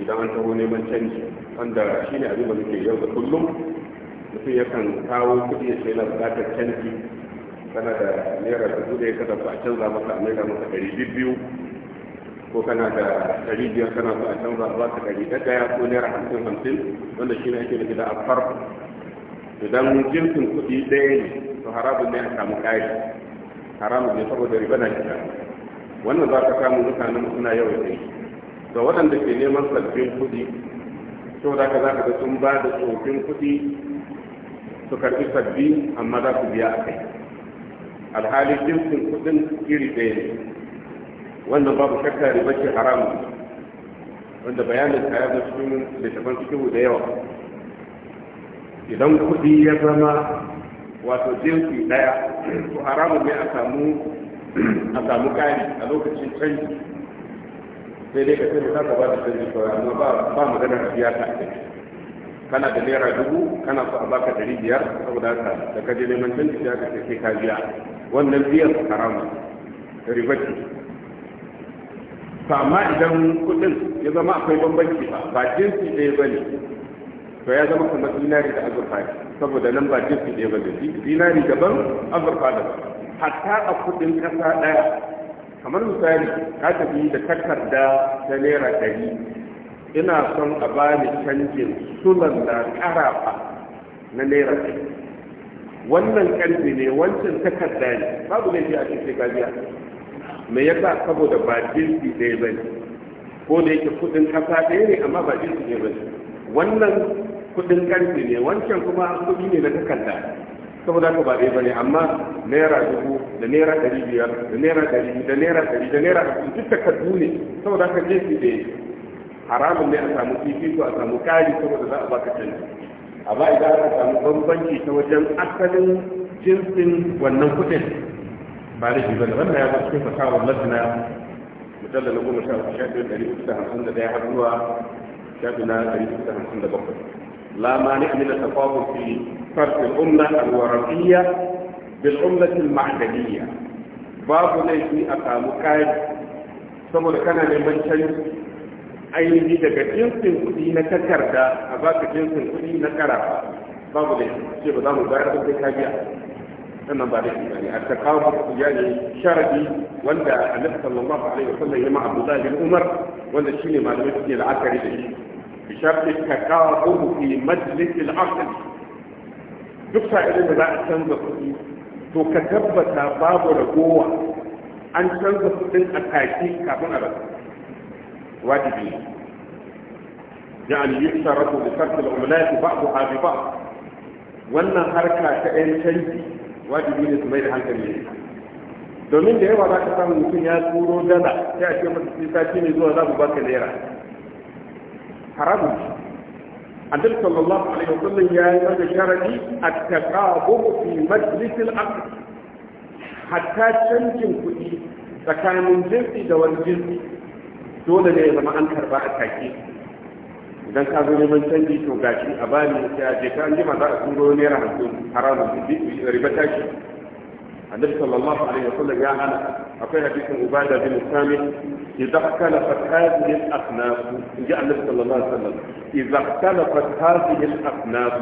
idan an taho neman canji wanda shine abin da muke yau da kullum mutum yakan kawo kudi ya ce yana buƙatar canji kana da naira dubu ɗaya kada a canza maka a maida maka ɗari biyu ko kana da ɗari biyar kana so a canza ba ka ɗari ɗaya ko naira hamsin hamsin wanda shi ne ake nufi da alfarko idan jinsin kuɗi ɗaya ne to haramun ne a samu ƙari haramun ne saboda riba na shiga wannan za ka samu mutanen suna yawan da ga waɗanda ke neman sabbin kuɗi to da ka za ka ga sun ba da tsofin kuɗi su karɓi sabbi amma za su biya a kai alhali jinsin kuɗin iri ɗaya ne wannan babu shakka riba ce haramun wanda bayanin ta ya cikin littafan cikin da yawa idan kuɗi ya zama wato jinsi ɗaya to haramu ne a samu a samu ƙari a lokacin canji sai dai ka sani ta ka ba da canji kawai amma ba magana da biya ta kana da naira dubu kana so a baka ɗari biyar saboda haka da ka je neman canji sai ka ce sai ka biya wannan biyan haramu riba to amma idan kudin ya zama akwai bambanci ba ba jinsi ɗaya ba ne to ya zama kamar dinari da azurfa ne saboda nan ba jinsi ɗaya ba ne dinari daban azurfa daban hatta a kudin ƙasa ɗaya kamar misali ka tafi da takarda ta naira ɗari ina son a bani canjin sulan da ƙarafa na naira ɗari wannan ƙarfi ne wancan takarda ne babu laifi a cikin gajiya me yasa saboda ba jinsi ɗaya ba ne ko da yake kudin kasa ɗaya ne amma ba jinsi ɗaya ba ne wannan kudin karfe ne wancan kuma kudi ne na takarda saboda haka ba ɗaya ba ne amma naira dubu da naira ɗari biyar da naira ɗari da naira ɗari da naira hamsin duk takardu ne saboda haka jinsi ɗaya haramun ne a samu fifiko a samu kari saboda za a baka canji amma idan aka samu bambanci ta wajen asalin jinsin wannan kudin farihi bane wannan ya zo cikin fasahar lajna mujalla na goma sha uku shafi ɗari uku da hamsin da ɗaya har zuwa shafi na ɗari uku da hamsin da bakwai la mani min at-tafawut fi farq al-umma al-waraqiyya bil umma al babu laifi a samu kai saboda kana neman canji ainihi daga jinsin kuɗi na takarda a baka jinsin kuɗi na karafa babu laifi ce ba za mu bayar da kai ka biya wannan ba laifi ba ne a takawu ya ne sharadi wanda annabi sallallahu alaihi wasallam ya ma abdullahi bin umar wanda shi ne malamai suke la'akari da shi bi sharadi takawu fi majlis al-aqd duk sa'ilin da za a canza kuɗi to ka tabbata babu ragowa an canza kuɗin a take kafin a rasu wajibi ne يعني يشترط لفرق العملات بعضها Wannan harka ta كأن canji. wajibi ne su mai da hankali ne domin da yawa za ka samu mutum ya turo dala sai a ce masa sai sati ne zuwa za mu baka naira haramu annabi sallallahu alaihi wasallam ya yi masa sharadi at-taqabu fi majlis aqd hatta canjin kuɗi tsakanin jinsi da wani jinsi dole ne ya zama an karba a take idan ka zo neman canji to gashi a bani ya je ka an jima za a turo naira hamsin haramun riba tashi annabi sallallahu alaihi wasallam ya hana akwai hadisin ubada bin sami idza khalafat hadhihi al-asnaf inji annabi sallallahu alaihi wasallam idza khalafat hadhihi al-asnaf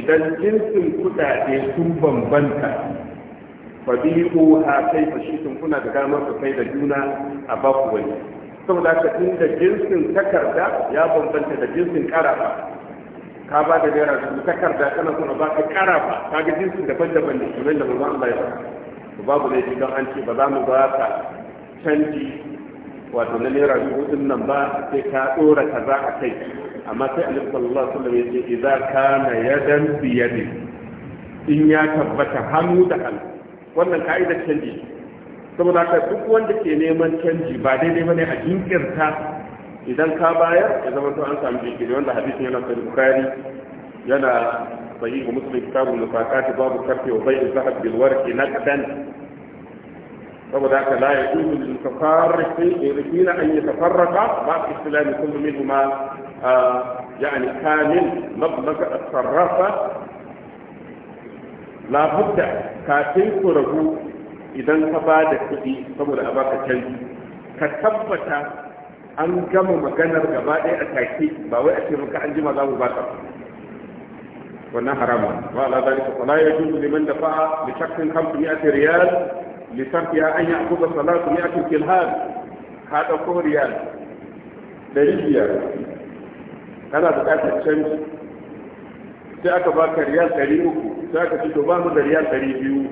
idan jinsin kudade sun bambanta fa bi'u ha kai fa shi kuna da damar ku kai da juna a baku wani saboda ka inda jinsin takarda ya bambanta da jinsin karafa ka ba da naira su takarda kana so ba ka karafa ka ga jinsin daban-daban ne kamar da ba Allah ya ba babu ne don an ce ba za mu ba ka canji wato na naira su din nan ba sai ka dora za a kai amma sai Annabi sallallahu alaihi wasallam ya ce idza kana yadan bi yadin in ya tabbata hannu da hannu wannan ka'idar canji saboda haka duk wanda ke neman canji ba daidai bane a jinkirta idan ka bayar ya zama to an samu jinkiri wanda hadisin yana sahih bukhari yana sahih muslim kitabu nufaqat babu kafi wa bai'u zahab ke na naqdan saboda haka la yajuzu lil mutafarriqina an farraka ba su islam kullu minhuma يعني كامل مبلغ الصرافة لا kafin كاتين كرهو idan ka ba da kuɗi saboda a baka canji ka tabbata an gama maganar gaba ɗaya a take ba wai a ce maka an jima za mu ba ka. wannan harama wa ala zalika fala yajuzu liman dafa'a li shakkin ta riyal li sarfiya an ya'khudha salatu 100 kilhal ka ko riyal dari biyar kana buƙatar canji sai aka baka riyal ɗari uku sai aka ci to ba mu da riyal ɗari biyu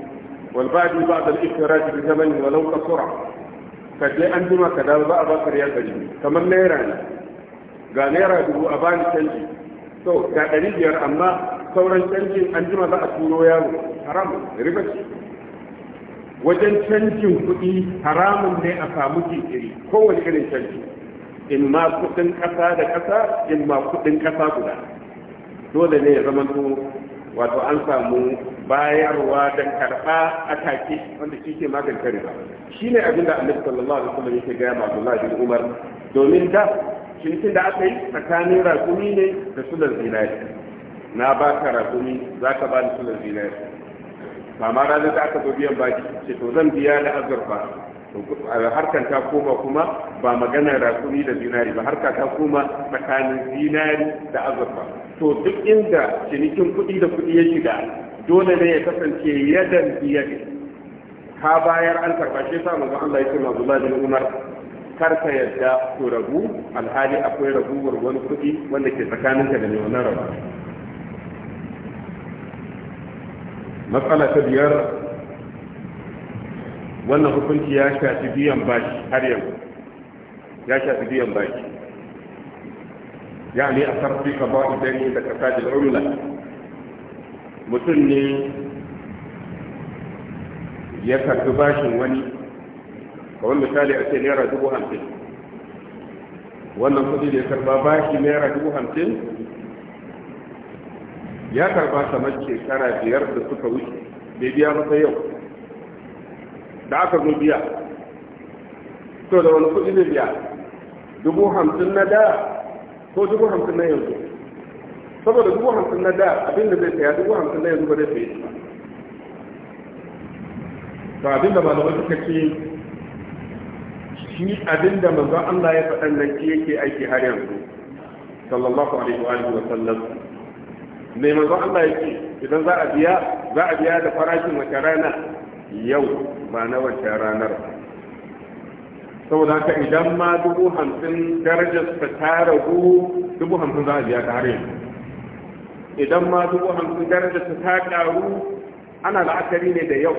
والبادي بعد الافتراج بزمن ولو قصرا kaje an jima ka dawo za a baka riyal ɗari kamar naira ne ga naira dubu a bani canji to ga ɗari biyar amma sauran canjin an jima za a turo yaro haram riba ce wajen canjin kuɗi haramun ne a samu iri. kowane irin canji in ma kuɗin ƙasa da ƙasa in ma kuɗin ƙasa guda dole ne ya zama wato an samu bayarwa da karɓa a take wanda shi ke magance riba shi ne abin da annabi sallallahu alaihi wasallam yake gaya ma Abdullahi bin Umar domin da cinikin da aka yi tsakanin rakumi ne da sular zinari na ba ka rakumi za ka ba ni sular zinari ba ma ranar da aka zo biyan baki ce to zan biya na azurfa harkar ta koma kuma ba magana rakumi da zinari ba harkar ta koma tsakanin zinari da azurfa to duk inda cinikin kuɗi da kuɗi ya shiga dole ne ya kasance yadan biyadi ka bayar an karba shi sa Allah ya ce Abdullahi bin Umar karka yadda ku rabu alhali akwai rabuwar wani kuɗi wanda ke ka da mai wannan rabu matsala ta biyar wannan hukunci ya shafi biyan bashi har yanzu, ya shafi biyan bashi yani a sarfi ka ba idan da kasa da rula mutum ne ya karbi bashin wani kawai misali a ce naira dubu hamsin wannan kudi da ya karba bashi naira dubu hamsin ya karba kamar shekara biyar da suka wuce bai biya masa yau da aka zo biya to da wani kudi zai biya dubu hamsin na da ko dubu hamsin na yanzu saboda dubu hamsin na da abin da zai tsaya, dubu hamsin na yanzu ba zai saye ba abin da malamai suka ce shi abin da manzon Allah ya faɗan nan ke yake aiki har yanzu sallallahu alaihi wa alihi wa sallam Me manzon Allah yake idan za a biya za a biya da farashin wata rana yau ba na wata ranar saboda haka idan ma dubu hamsin darajar ta ragu dubu hamsin za a biya ta har yanzu idan ma dubu hamsin daraja ta ta karu ana la'akari ne da yau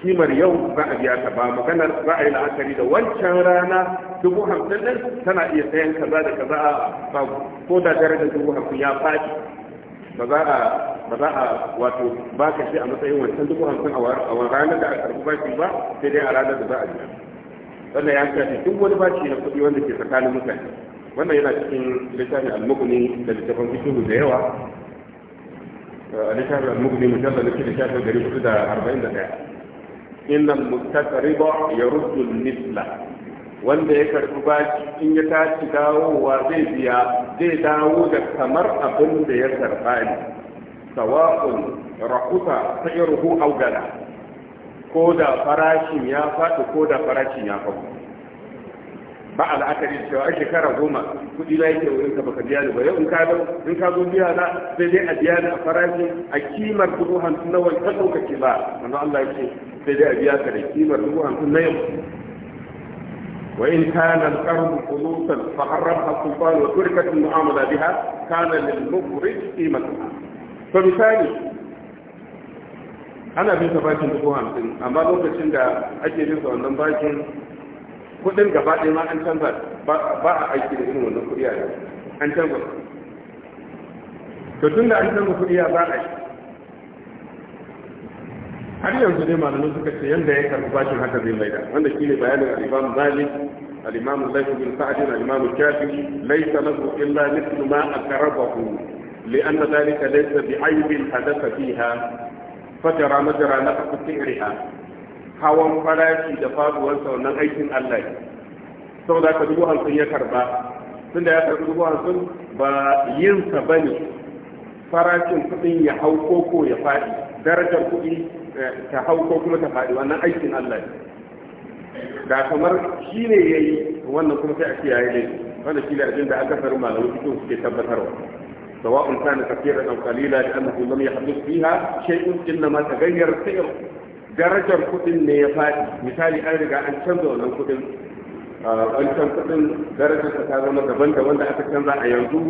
kimar yau za a biya ta ba maganar za a yi la'akari da wancan rana dubu hamsin din tana iya sayan kaza da kaza a babu ko da darajar dubu hamsin ya faɗi ba za a ba za a wato ba ka shi a matsayin wancan dubu hamsin a wani ranar da aka karɓi bashi ba sai dai a ranar da za a biya wannan ya shafi duk wani bashi na kuɗi wanda ke tsakanin mutane wannan yana cikin littafin al-mughni da littafin fiqh da yawa littafin al-mughni mujallal na cikin littafin gari hudu da arba'in da ɗaya inna al-muqtariba yaruddu al-mithla wanda ya karbi baki in ya tashi dawowa zai biya zai dawo da kamar abin da ya karba ne sawa'un rahusa sayruhu aw gala ko da farashin ya faɗi ko da farashin ya faɗi ba a la'akari cewa a shekara goma kuɗi na yake wurin ka baka biya ni ba yau in ka zo in ka zo biya na sai dai a biya ni a farashi a kimar dubu hamsin na wani ta ɗaukace ba wanda Allah ya ce sai dai a biya ka da kimar dubu hamsin na yau Wa كان القرض فلوسا فحرمها السلطان وتركت المعاملة بها كان للمخرج قيمتها فمثالي أنا بنت باكين دبو همسين أما لوكاشين دا أجي بنت wannan bakin kudin gaba ɗaya ma an canza ba a aiki da irin wannan kuɗi a yau an canza to tun da an canza kuɗi a ba a yi har yanzu dai malamin suka ce yanda ya karɓi bashin haka zai maida wanda shi ne bayanin al-imam malik al-imam al-layth bin sa'd al-imam al-shafi'i laysa lahu illa mithlu ma aqrabahu لأن ذلك ليس بعيب حدث فيها فجرى مجرى نفق سعرها hawan farashi da faduwarsa wannan aikin Allah ne saboda ka dubu hamsin ya karba tunda ya karbi dubu hamsin ba yin sa ne farashin kuɗin ya hau koko ya faɗi darajar kuɗi eh, ta hau ko kuma ta faɗi wannan aikin Allah ne da kamar shi ne ya yi wannan kuma sai a ce ya yi ne wanda shi ne abin da aka faru malamai cikin suke tabbatarwa sawa'un kana kafira aw qalila li annahu lam yahdith fiha shay'un inma taghayyara sayru darajar kudin ne ya faɗi misali an riga an canza wannan kudin wancan kudin darajar ta ta zama daban da wanda aka canza a yanzu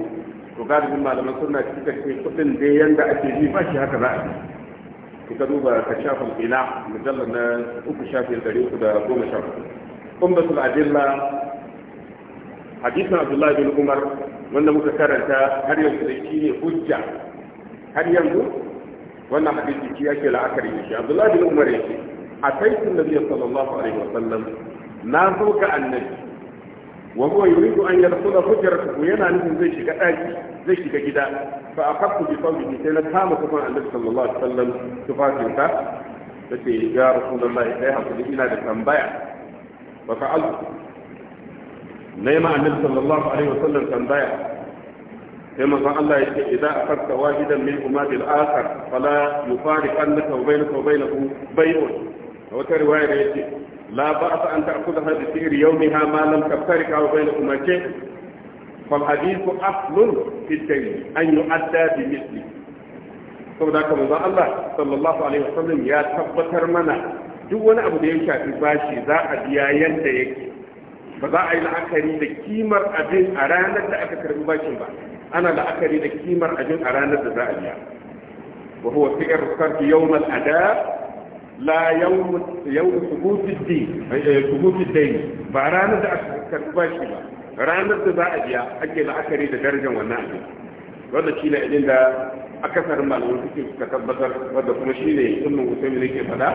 to galibin malaman suna cika ce kudin dai yanda ake bi ba shi haka za a yi ka duba ka shafa ila mujallar na uku shafi ɗari uku da goma sha su adilla hadisin abdullahi bin umar wanda muka karanta har yanzu da shi ne hujja har yanzu wannan hadisi ya ke la'akari da shi abdullahi bin umar yake a taikin nabi sallallahu alaihi wasallam na zo ga annabi wa huwa yuridu an yadkhula hujratuhu yana nufin zai shiga daki zai shiga gida fa aqaftu bi sawbihi sai na kama kafan annabi sallallahu alaihi wasallam tufafin sa tace ya rasulullahi sai hakuri ina da tambaya fa fa'altu nayi ma annabi sallallahu alaihi wasallam tambaya sai manzon Allah ya ce idan akarta wahidan min kuma bil akhar fala yufariqannaka wa bainaka wa bainahu bay'un wata riwaya da yake la ba'sa an ta'khudha bi sirri yawmiha ma lam taftariqa wa bainakuma shay fal hadithu aslun fi dayn an yu'adda bi mithli saboda haka manzon Allah sallallahu alaihi wasallam ya tabbatar mana duk wani abu da ya shafi bashi za a biya yadda yake ba za a yi la'akari da kimar abin a ranar da aka karbi bashin ba ana la'akari da kimar abin a ranar da za a biya wa huwa fi'ir sarki yawmal ada la yawm yawm thubuti din thubuti eh, eh, din ba ranar da aka karba shi ba ranar da za a biya ake la'akari da darajar wannan abin wanda shi ne abin da akasarin malamai suke suka tabbatar wanda kuma shi ne ibn usaimin yake faɗa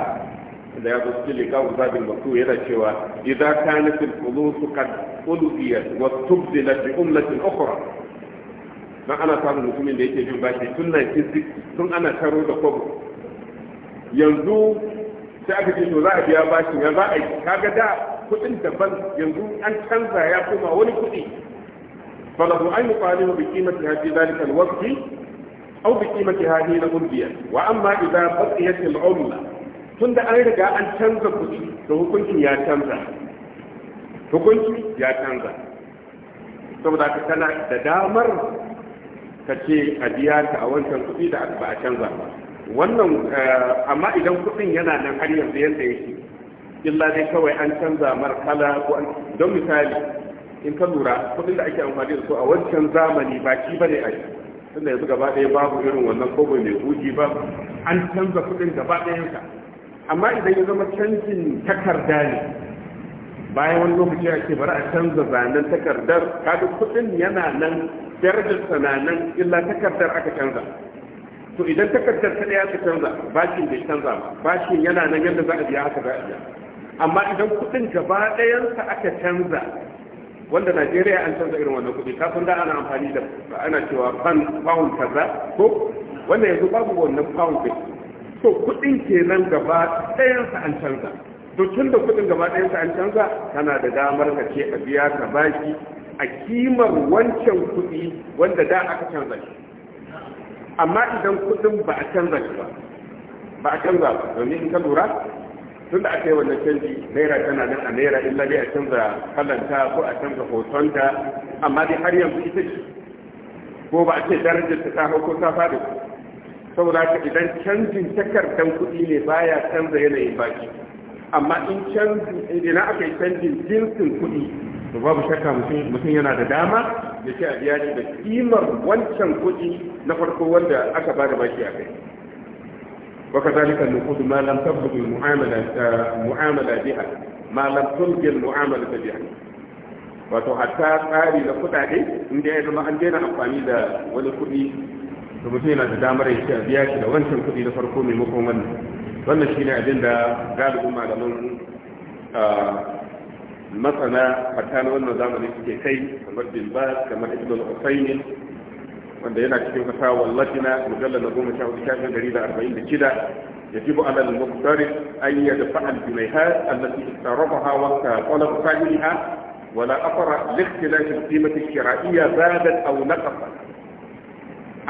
da ya zo cikin liƙa zabin maktu yana cewa idza kanat al-qulus qad ulfiyat wa tubdilat bi umlatin ukhra dan ana samun mutumin da yake bin bashi tun 1960 tun ana taro da kwabo yanzu sai aka ce to za a biya bashin ya za a yi kaga da kuɗin daban yanzu an canza ya koma wani kuɗi falahu an yi kwani wa bikimati hadi zalika alwaqti aw bikimati hadi na urbiya wa amma idza baqiyat al-umla tunda an riga an canza kuɗi to hukuncin ya canza hukunci ya canza saboda haka tana da damar ka ce a biya ka a wancan kuɗi da ba a canza ba. wannan eh, amma idan kuɗin yana nan har yanzu yadda yake illa dai kawai an canza mar kala ko don misali in ka lura kuɗin da ake amfani da su a wancan zamani ba ki bane a yi tunda yanzu gaba ɗaya babu irin wannan kobo mai kuji ba an canza kuɗin gaba ka amma idan ya zama canjin takarda ne bayan wani lokaci ake bari a canza zanen takardar kaga kuɗin yana nan darajar sananan illa takardar aka canza to idan takardar ta ɗaya aka canza bashin bai canza ba bashin yana nan yadda za a biya aka za a biya amma idan kuɗin gaba ɗayansa aka canza wanda najeriya an canza irin wannan kuɗi kafin da ana amfani da ana cewa pound kaza ko wannan yanzu babu wannan pound ɗin to kuɗin kenan gaba ɗayansa an canza to tun da kuɗin gaba ɗayansa an canza kana da damar ka ce a biya ka baki a kimar wancan kuɗi wanda da aka canza shi amma idan kuɗin ba a canza shi ba ba a canza ba domin in ka lura tun da aka yi wannan canji naira tana nan a naira illa dai a canza kalanta ko a canza hotonta amma dai har yanzu ita ce ko ba a ce darajar ta ta hau ko ta faɗi saboda ka idan canjin takardar kuɗi ne baya canza yanayin baki amma in canji idan aka yi canjin jinsin kuɗi to babu shakka mutum yana da dama ya ce a biya da kimar wancan kuɗi na farko wanda aka ba da bashi a kai وكذلك النقود ما لم تبلغ المعاملة mu'amala biha ما لم تلغي المعاملة biha wato hatta tsari da kudade inda ya zama an daina amfani da wani kudi da mutum yana da damar ya ce a biya shi da wancan kudi na farko maimakon wannan wannan shine abin da galibin malaman uh, masana fata na wannan zamani suke kai kamar bilbas kamar ibn al wanda yana cikin fata wallahi na mujalla na goma sha hudu shafin da arba'in da shida ya fi bu alal muktari an yi da fa'al bi mai ha allati istarafa ha wa ka qala fa'iliha wa la afara liktilafi qimati shira'iyya zadat aw naqasa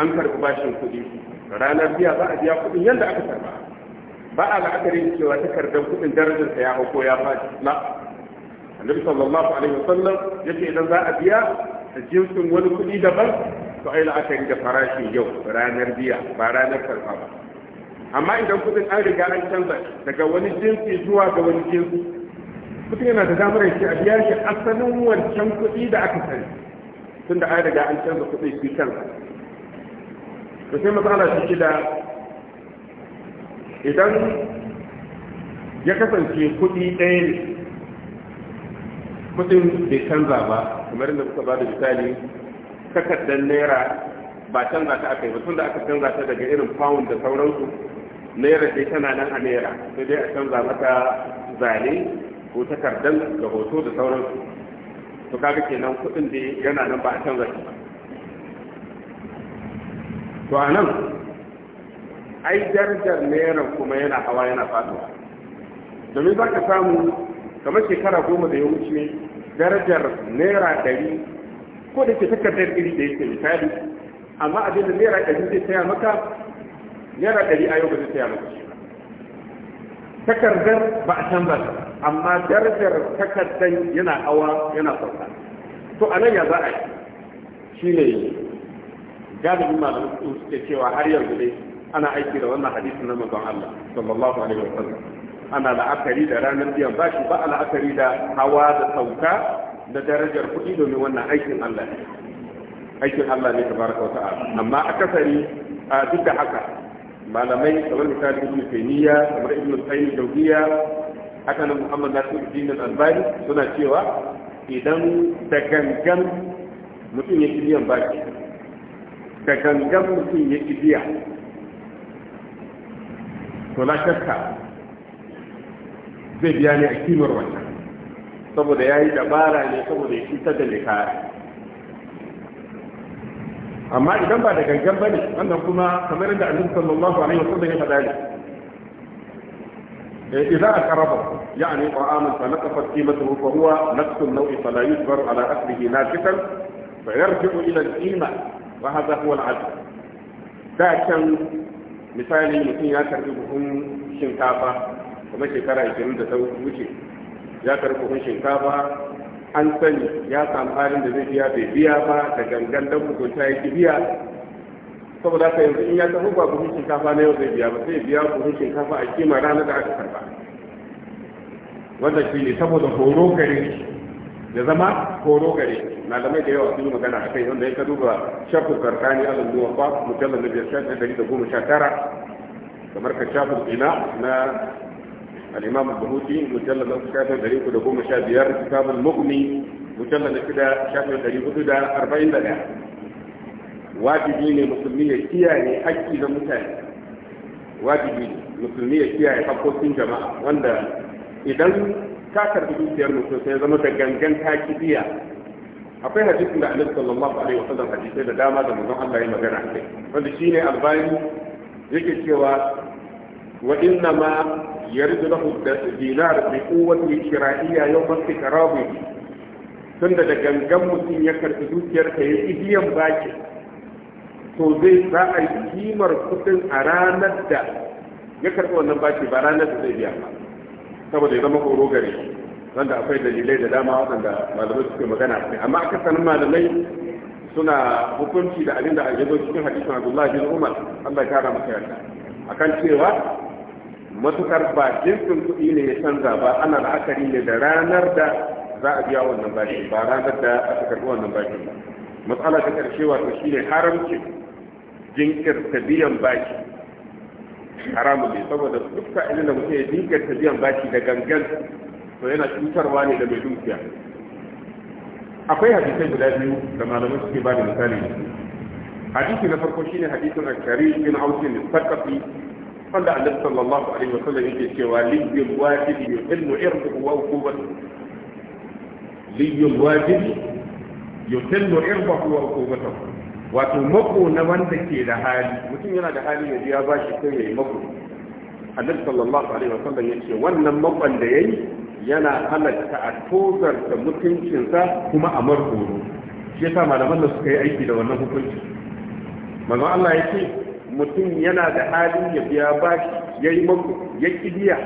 an karbi bashin kudi ranar biya za a biya kudin yadda aka karba ba a la'akari cewa takardar kuɗin darajar ya hau ko ya faɗi annabi sallallahu alaihi wasallam yace idan za a biya da jinsin wani kuɗi daban to ai la'akari da farashin yau ranar biya ba ranar karfa ba amma idan kuɗin an riga an canza daga wani jinsi zuwa ga wani jinsi kuɗin yana da damar shi a biya shi asalin wancan kuɗi da aka sani tunda an riga an canza kuɗi shi kansa to sai matsala shi da idan ya kasance kuɗi ɗaya ne kudin bai canza ba kamar yadda kuka ba da misali takardar naira ba canza ta aka yi ba tun da aka canza ta daga irin pound da sauransu naira dai tana nan a naira sai dai a canza mata zane ko takardar da hoto da sauransu to kaga kenan kudin da yana nan ba a canza shi ba to a nan ai darajar naira kuma yana hawa yana fatuwa domin za ka samu kamar shekara goma da ya wuce darajar naira ɗari ko da ke takardar iri da yake misali amma abin da naira ɗari zai saya maka naira ɗari a yau ba zai saya maka takardar ba a canza amma darajar takardar yana hawa yana sauka to a nan ya za a yi shi ne galibin malamin suke cewa har yanzu dai ana aiki da wannan hadisin na manzon Allah sallallahu alaihi wa sallam. ana la'akari da ranar biyan bashi ba a la'akari da hawa da sauka da darajar kuɗi domin wannan aikin Allah ne aikin Allah ne tabaraka wa ta'ala amma a kasari a duk da haka malamai kamar misali ibn taymiya kamar ibn qayyim jawziya haka nan muhammad nasiruddin al-albani suna cewa idan da gangan mutum ya biyan baki, da gangan mutum ya biya to na shakka zai biya ne a kimar wannan saboda ya yi dabara ne saboda ya cutar da mai amma idan ba da gangan ba ne wannan kuma kamar yadda annabi sallallahu alaihi wasallam ya faɗa ne إذا أقربه يعني طعاما فنقصت قيمته فهو نقص النوع فلا يجبر على أكله ناقصا فيرجع إلى القيمة وهذا هو العدل ده كان مثالي مثل يا كريم شنكافة kuma shekara 20 da ta wuce ya karɓi kun shinkafa an sani ya samu halin da zai biya bai biya ba da gangan da mutunta ya ki biya saboda haka yanzu in ya tafi ba buhun shinkafa na yau zai biya ba sai biya buhun shinkafa a kima ranar da aka karba wanda shi ne saboda horo gare ya zama horo gare malamai da yawa sun yi magana a kai wanda ya ka duba shafin karkani alal ba mujallar na biyar shafi ɗari da goma sha tara kamar ka shafin ina na al-imam al-buhuti mujallal na shafin dari da goma sha biyar kitabul mughni mujallal na shida shafin dari hudu da arba'in da ɗaya wajibi ne musulmi ya kiyaye haƙƙi na mutane wajibi ne musulmi ya kiyaye haƙƙoƙin jama'a wanda idan ka karbi dukiyar mutum zama da gangan ta kibiya akwai hadisin da annabi sallallahu alaihi wa sallam hadisai da dama da manzon Allah ya magana akai wanda shine albani yake cewa wa yarda lahu dinar bi quwwati shira'iyya yawm istiqrabi tunda da gangan mutum ya karbi dukiyar ka ya biyan baki to zai za yi kimar kudin a ranar da ya karbi wannan baki ba ranar da zai biya ba saboda ya zama horo gare shi wanda akwai dalilai da dama waɗanda malamai suke magana a kai amma akasarin malamai suna hukunci da abin da a cikin hadisin abdullahi bin umar kara masa cewa matukar ba jinsin kuɗi ne ya canza ba ana la'akari ne da ranar da za a biya wannan bashi ba ranar da aka karɓi wannan bashi ba matsala ta ƙarshe wato ne haramcin jinkirta biyan bashi haramu ne saboda duk ilin da mutum ya jinkirta biyan bashi da gangan to yana cutarwa ne da mai dukiya akwai hadisai guda biyu da malamai suke ba da misali hadisi na farko shine hadisin akari bin ausin sakafi wanda annabi sallallahu alaihi wasallam yake cewa liyyul wajibi yuhillu irduhu wa uqubatuhu liyyul wajibi yuhillu irduhu wa uqubatuhu wato mako na wanda ke da hali mutum yana da hali ya biya ba shi kai yayi mako annabi sallallahu alaihi wasallam yake wannan makon da yayi yana halatta a da mutuncinsa kuma a marhoro shi yasa malaman da suka yi aiki da wannan hukunci manzon Allah yake mutum yana da halin ya biya bashi ya yi maku ya ƙi biya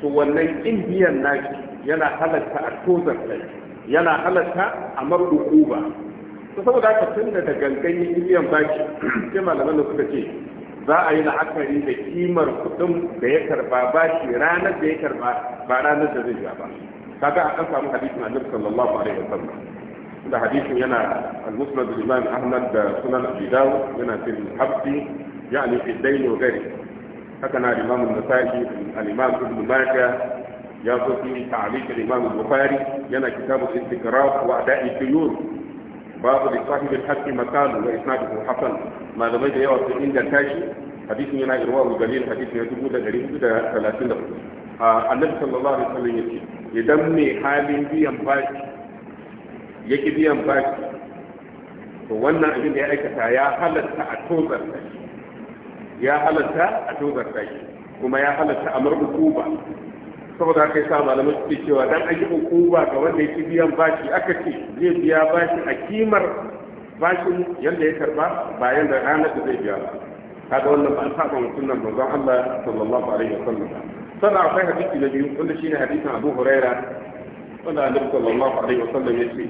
Su wannan indiyan na nashi yana halatta a tozar kai yana halatta a marɗuƙu ba to saboda aka tun da gangan yi ba bashi ke malaman da suka ce za a yi la'akari da kimar kuɗin da ya karba bashi ranar da ya karba ba ranar da zai biya ba kaga akan samu hadisin annabi sallallahu alaihi sallam. ده حديث هنا المسند الإمام أحمد سنن أبي داود هنا في الحبسي يعني في الدين وغيره حكنا الإمام النسائي الإمام ابن ماجه يصف في تعليق الإمام البخاري هنا كتاب الاستقرار وأداء الديون باب لصاحب الحق مكانه وإسناده حسن ما لم يجد عند الكاشي حديث هنا إرواه الجليل حديث يجبه ده غريب ده 30 النبي صلى الله عليه وسلم يقول يدمي حالي بي أنباشي ya biyan bashi to wannan abin da ya aikata ya halatta a tozar ya halatta a tozar kuma ya halatta a mar hukuma saboda haka yasa malamai suke cewa dan an yi hukuma ga wanda ya biyan bashi aka ce zai biya bashi a kimar bashin yadda ya karba bayan da ranar da zai biya kaga هذا ولا ما أصحاب وسنة رضوان الله صلى الله عليه وسلم صنع في حديث النبي wanda شيء حديث أبو هريرة ولا النبي صلى الله عليه وسلم يسوي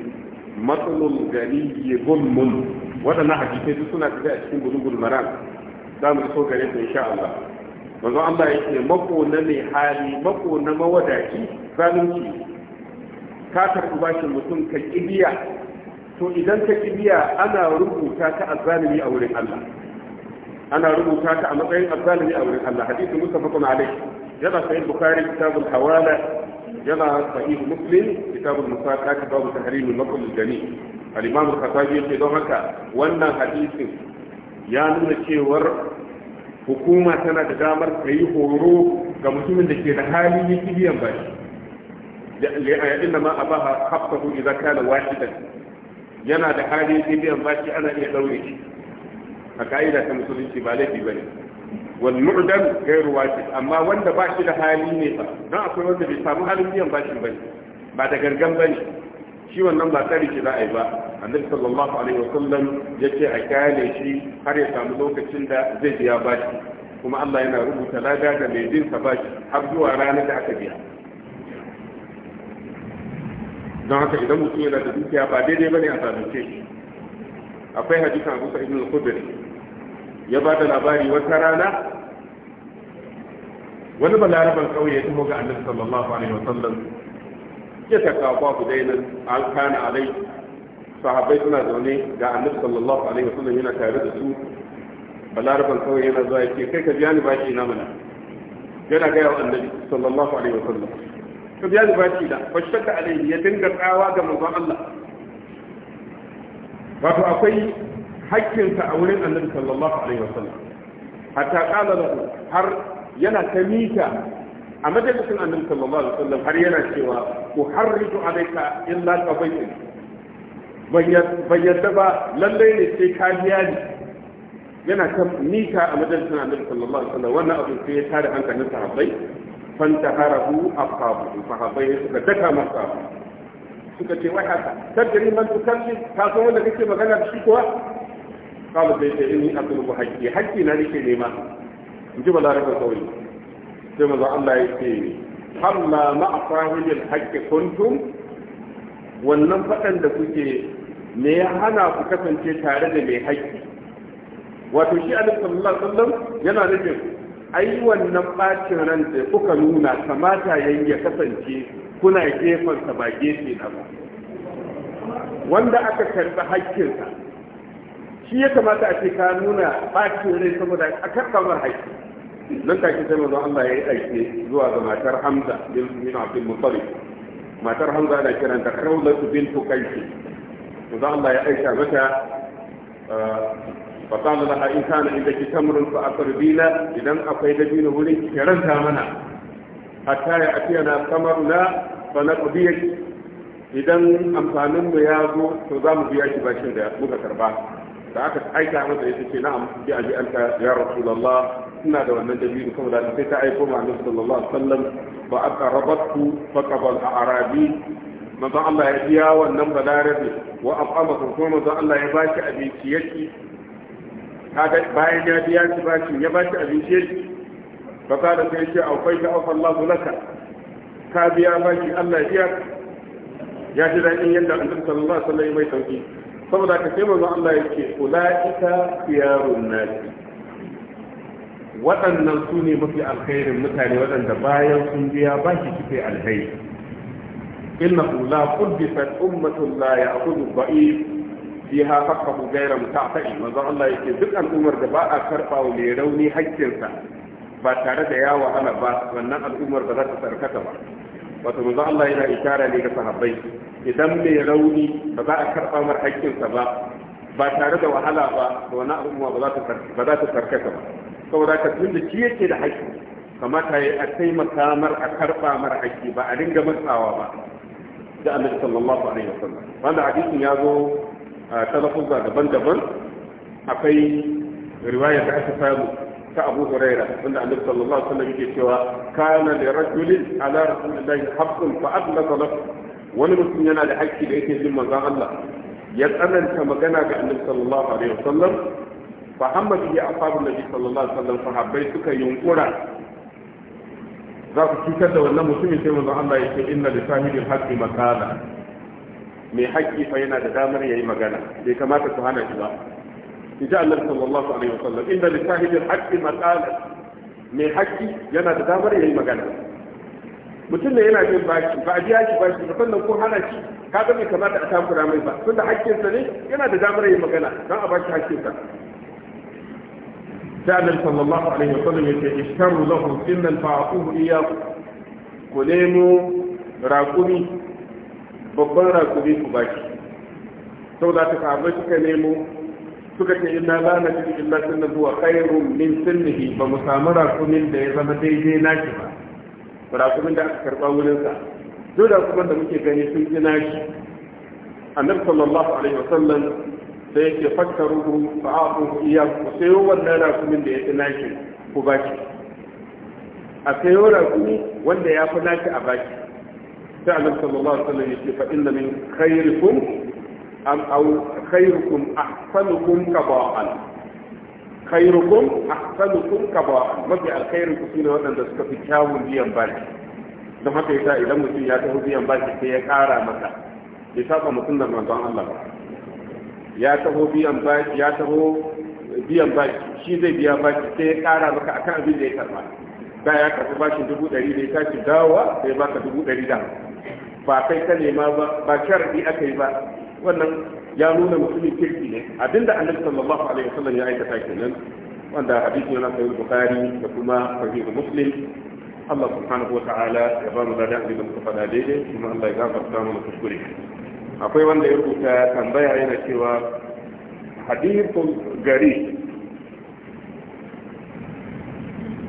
Matsalol gari ya gulmun waɗannan hadisai duk suna tafiya a cikin bulugul maran za mu so gare su insha Allah manzo Allah yake mako na mai hali mako na mawadaci zalunci ka karɓi bashin mutum ka kibiya to idan ka kibiya ana rubuta ta azzalimi a wurin Allah ana rubuta ta a matsayin azzalimi a wurin Allah hadisi kuma alaihi yana sahih bukhari kitabul hawala yana sahih muslim kitabul musaqa babu tahrim al-naql al-jami don haka wannan hadisin ya nuna cewar hukuma tana da damar ta yi horo ga mutumin da ke da hali yake biyan bashi yana da hali yake biyan bashi ana iya daure shi a ka'ida ta musulunci ba laifi bane wal غير gairu اما amma wanda ده حالي da hali ne ba don akwai wanda bai samu باشي biyan bashin ده ba da gargan shi wannan ba tsari shi za'ai yi ba annabi sallallahu alaihi wasallam yace a kyale shi har ya samu lokacin da zai biya bashi kuma Allah yana rubuta lada da mai jin sa bashi har zuwa ranar da aka biya don haka idan mutum yana da dukiya ba daidai bane a zalunce shi akwai hadisin Abu Sa'id al-Khudri ya ba da labari wata rana wani balaraban kauye ya tumo ga annabi sallallahu alaihi wasallam ya taka babu dainan an kana alai sahabbai suna zaune ga annabi sallallahu alaihi wasallam yana tare da su balaraban kauye yana zuwa yake kai ka biya ni bashi na mana yana gaya wa annabi sallallahu alaihi wasallam ka biya ni bashi da fashaka alaihi ya dinga tsawa ga manzon Allah wato akwai hakkinka a wurin annabi sallallahu alaihi wasallam hatta qala lahu har yana ta mita a majalisin annabi sallallahu alaihi wasallam har yana cewa uharritu alayka illa qabaytin ban ba lallai ne sai kariya ne yana ta mita a majalisin annabi sallallahu alaihi wasallam wannan abu sai ya tada hankalin sahabbai fantaharahu ashabu sahabbai suka daka masa suka ce wai haka tadri man tukallim ka san wanda kake magana da shi kuwa kala sai ce inni atlubu haqqi haqqi na nake nema in ji balarabin kawai sai manzo Allah ya ce hamma kuntum wannan faɗan da kuke ne ya hana ku kasance tare da mai haƙƙi wato shi alif sallallahu alaihi wasallam yana nufin ai wannan bacin ran da kuka nuna kamata yayin ya kasance kuna gefen ba gefe na ba wanda aka karɓi haƙƙinsa shi ya kamata a ce ka nuna ɓacin rai saboda a kan kamar haiti nan take sai manzon Allah ya yi aike zuwa ga matar Hamza bin Sumin Abdul Muttalib matar Hamza da kiranta Rawlatu bint Qaisi manzon Allah ya aika mata ah, fa qala laha in inda ki tamrun fa aqrbina idan akwai dabino wurin kiranta mana hatta ya atiyana samarna fa naqdiyak idan amfanin mu ya zo to za mu biya shi bashin da muka karba da aka aika masa yace ce na'am bi abi anka ya rasulullah ina da wannan dabi'u kuma da sai ta aiko ma annabi sallallahu alaihi wasallam fa aqrabatku fa qabal arabi manzo Allah ya biya wannan balarabe wa afamakum kuma manzo Allah ya baki abinci yake kaga bayan ya biya shi baki ya baki abinci yake fa kada sai ce akwai ta afa Allah laka ka biya baki Allah ya ya ji daɗin yadda annabi sallallahu alaihi wasallam mai sauki saboda ka sai manzon Allah yake ulaika khiyarun nasi waɗannan su ne mafi alkhairin mutane waɗanda bayan sun biya ba shi cikin alkhairi innahu la fa ummatun la ya'khudhu dha'if fiha haqqahu ghayra muta'ati manzon Allah yake duk al'ummar da ba a karba wa mai rauni haƙƙinsa ba tare da ya wahala ba wannan al'ummar ba za ta sarkata ba wato manzon Allah yana isharar ne ga sahabbai idan mai rauni ba za a karɓa mar haƙƙinsa ba ba tare da wahala ba da wani al'umma ba za ta karkata ba saboda ka tun da shi yake da haƙƙi kamata ya a taimaka mar a karɓa mar haƙƙi ba a dinga matsawa ba da annabi sallallahu alaihi wasallam wanda hadisin ya zo a talafuzza daban-daban akwai riwaya da aka samu ta Abu Huraira wanda annabi sallallahu alaihi wasallam yake cewa kana li rajulin ala rasulillahi haqqun fa ablaga lahu wani mutum yana da haƙƙi da yake jin manzon Allah ya tsananta magana ga annabi sallallahu alaihi wasallam fa hamma bi afabu nabi sallallahu alaihi wasallam Habbai suka yunkura za ku cutar da wannan mutumin sai manzon Allah ya ce inna li sahibil haqqi makana mai haƙƙi fa yana da damar yayi magana bai kamata ku hana shi ba in ji Allah sallallahu alaihi wasallam inna li sahibil haqqi makana mai haƙƙi yana da damar yayi magana mutum ne yana jin baki ba a biya shi baki ba sannan ko hana shi ka ga bai kamata a takura mai ba tunda hakkinsa ne yana da damar yin magana don a baki hakkinsa sai annabi sallallahu alaihi wa sallam yake ishtaru lahum sinnan fa'uhu iyyaku ku nemo raƙumi babban raƙumi ku baki saboda ta sahabbai suka nemo suka ce inna la najidu illa sunnan huwa khairun min sunnihi ba mu samu raƙumin da ya zama daidai naki ba rakumin da aka karba sa, duk da kuma da muke gani sun ji nashi annabi sallallahu alaihi wasallam sai yake fakkaru fa aqu iya ku sayo wannan rakumin da ya ji nashi ku baki a sayo rakumi wanda ya fi naki a baki sai annabi sallallahu alaihi wasallam yake fa inna min khairikum am aw khairukum ahsanukum qada'an khairukum ahsanukum kaba mafi alkhairin ku ne waɗanda suka fi kyawun biyan baki don haka yasa idan mutum ya taho biyan baki sai ya ƙara maka bai saba mutum da manzon Allah ba ya taho biyan baki ya taho biyan baki shi zai biya baki sai ya ƙara maka akan abin da ya karba da ya karbi bashin dubu ɗari da ya tashi dawowa sai baka dubu ɗari da ba kai ka nema ba ba sharadi aka yi ba wannan ya nuna mutumin kirki ne abinda annabi sallallahu alaihi wasallam ya aikata kenan wanda hadisi yana sahih bukhari da kuma sahih muslim Allah subhanahu wataala ya ba mu ladan da muka faɗa daidai kuma Allah ya gafarta mana kuskure akwai wanda ya rubuta tambaya yana cewa hadithun gari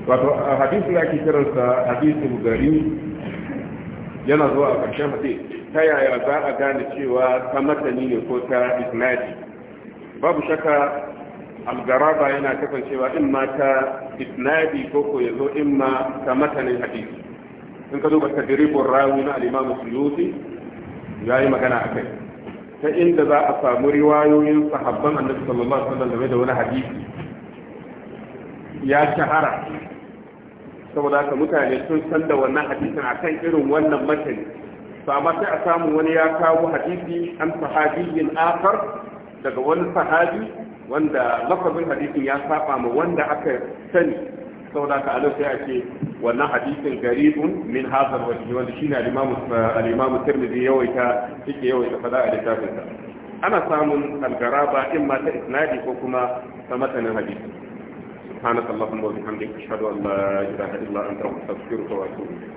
wato hadisin da ake kiransa hadithun gari yana zuwa a ƙarshen hadisi ta yaya za a gane cewa ta matani ne ko ta isnadi babu shaka algaraba yana kasancewa in ma ta isnadi ko ko ya zo in ma ta matanin hadisi in ka duba tadribun rawi na al-imam suyuti ya yi magana a kai ta inda za a samu riwayoyin sahabban annabi sallallahu alaihi wasallam da wani hadisi ya shahara saboda haka mutane sun san da wannan hadisin akan irin wannan matani to amma sai a samu wani ya kawo hadisi an sahabiyyin akar daga wani sahabi wanda lafazin hadisin ya saba ma wanda aka sani saboda ka alau sai a ce wannan hadisin garibun min hazar wajhi wanda shine al-imamu al-imamu tirmidhi yawaita yake yawaita fada a littafin sa ana samun algaraba garaba in ma ta isnadi ko kuma ta matanin hadisi سبحانك اللهم وبحمدك اشهد ان لا اله الا انت استغفرك واتوب اليك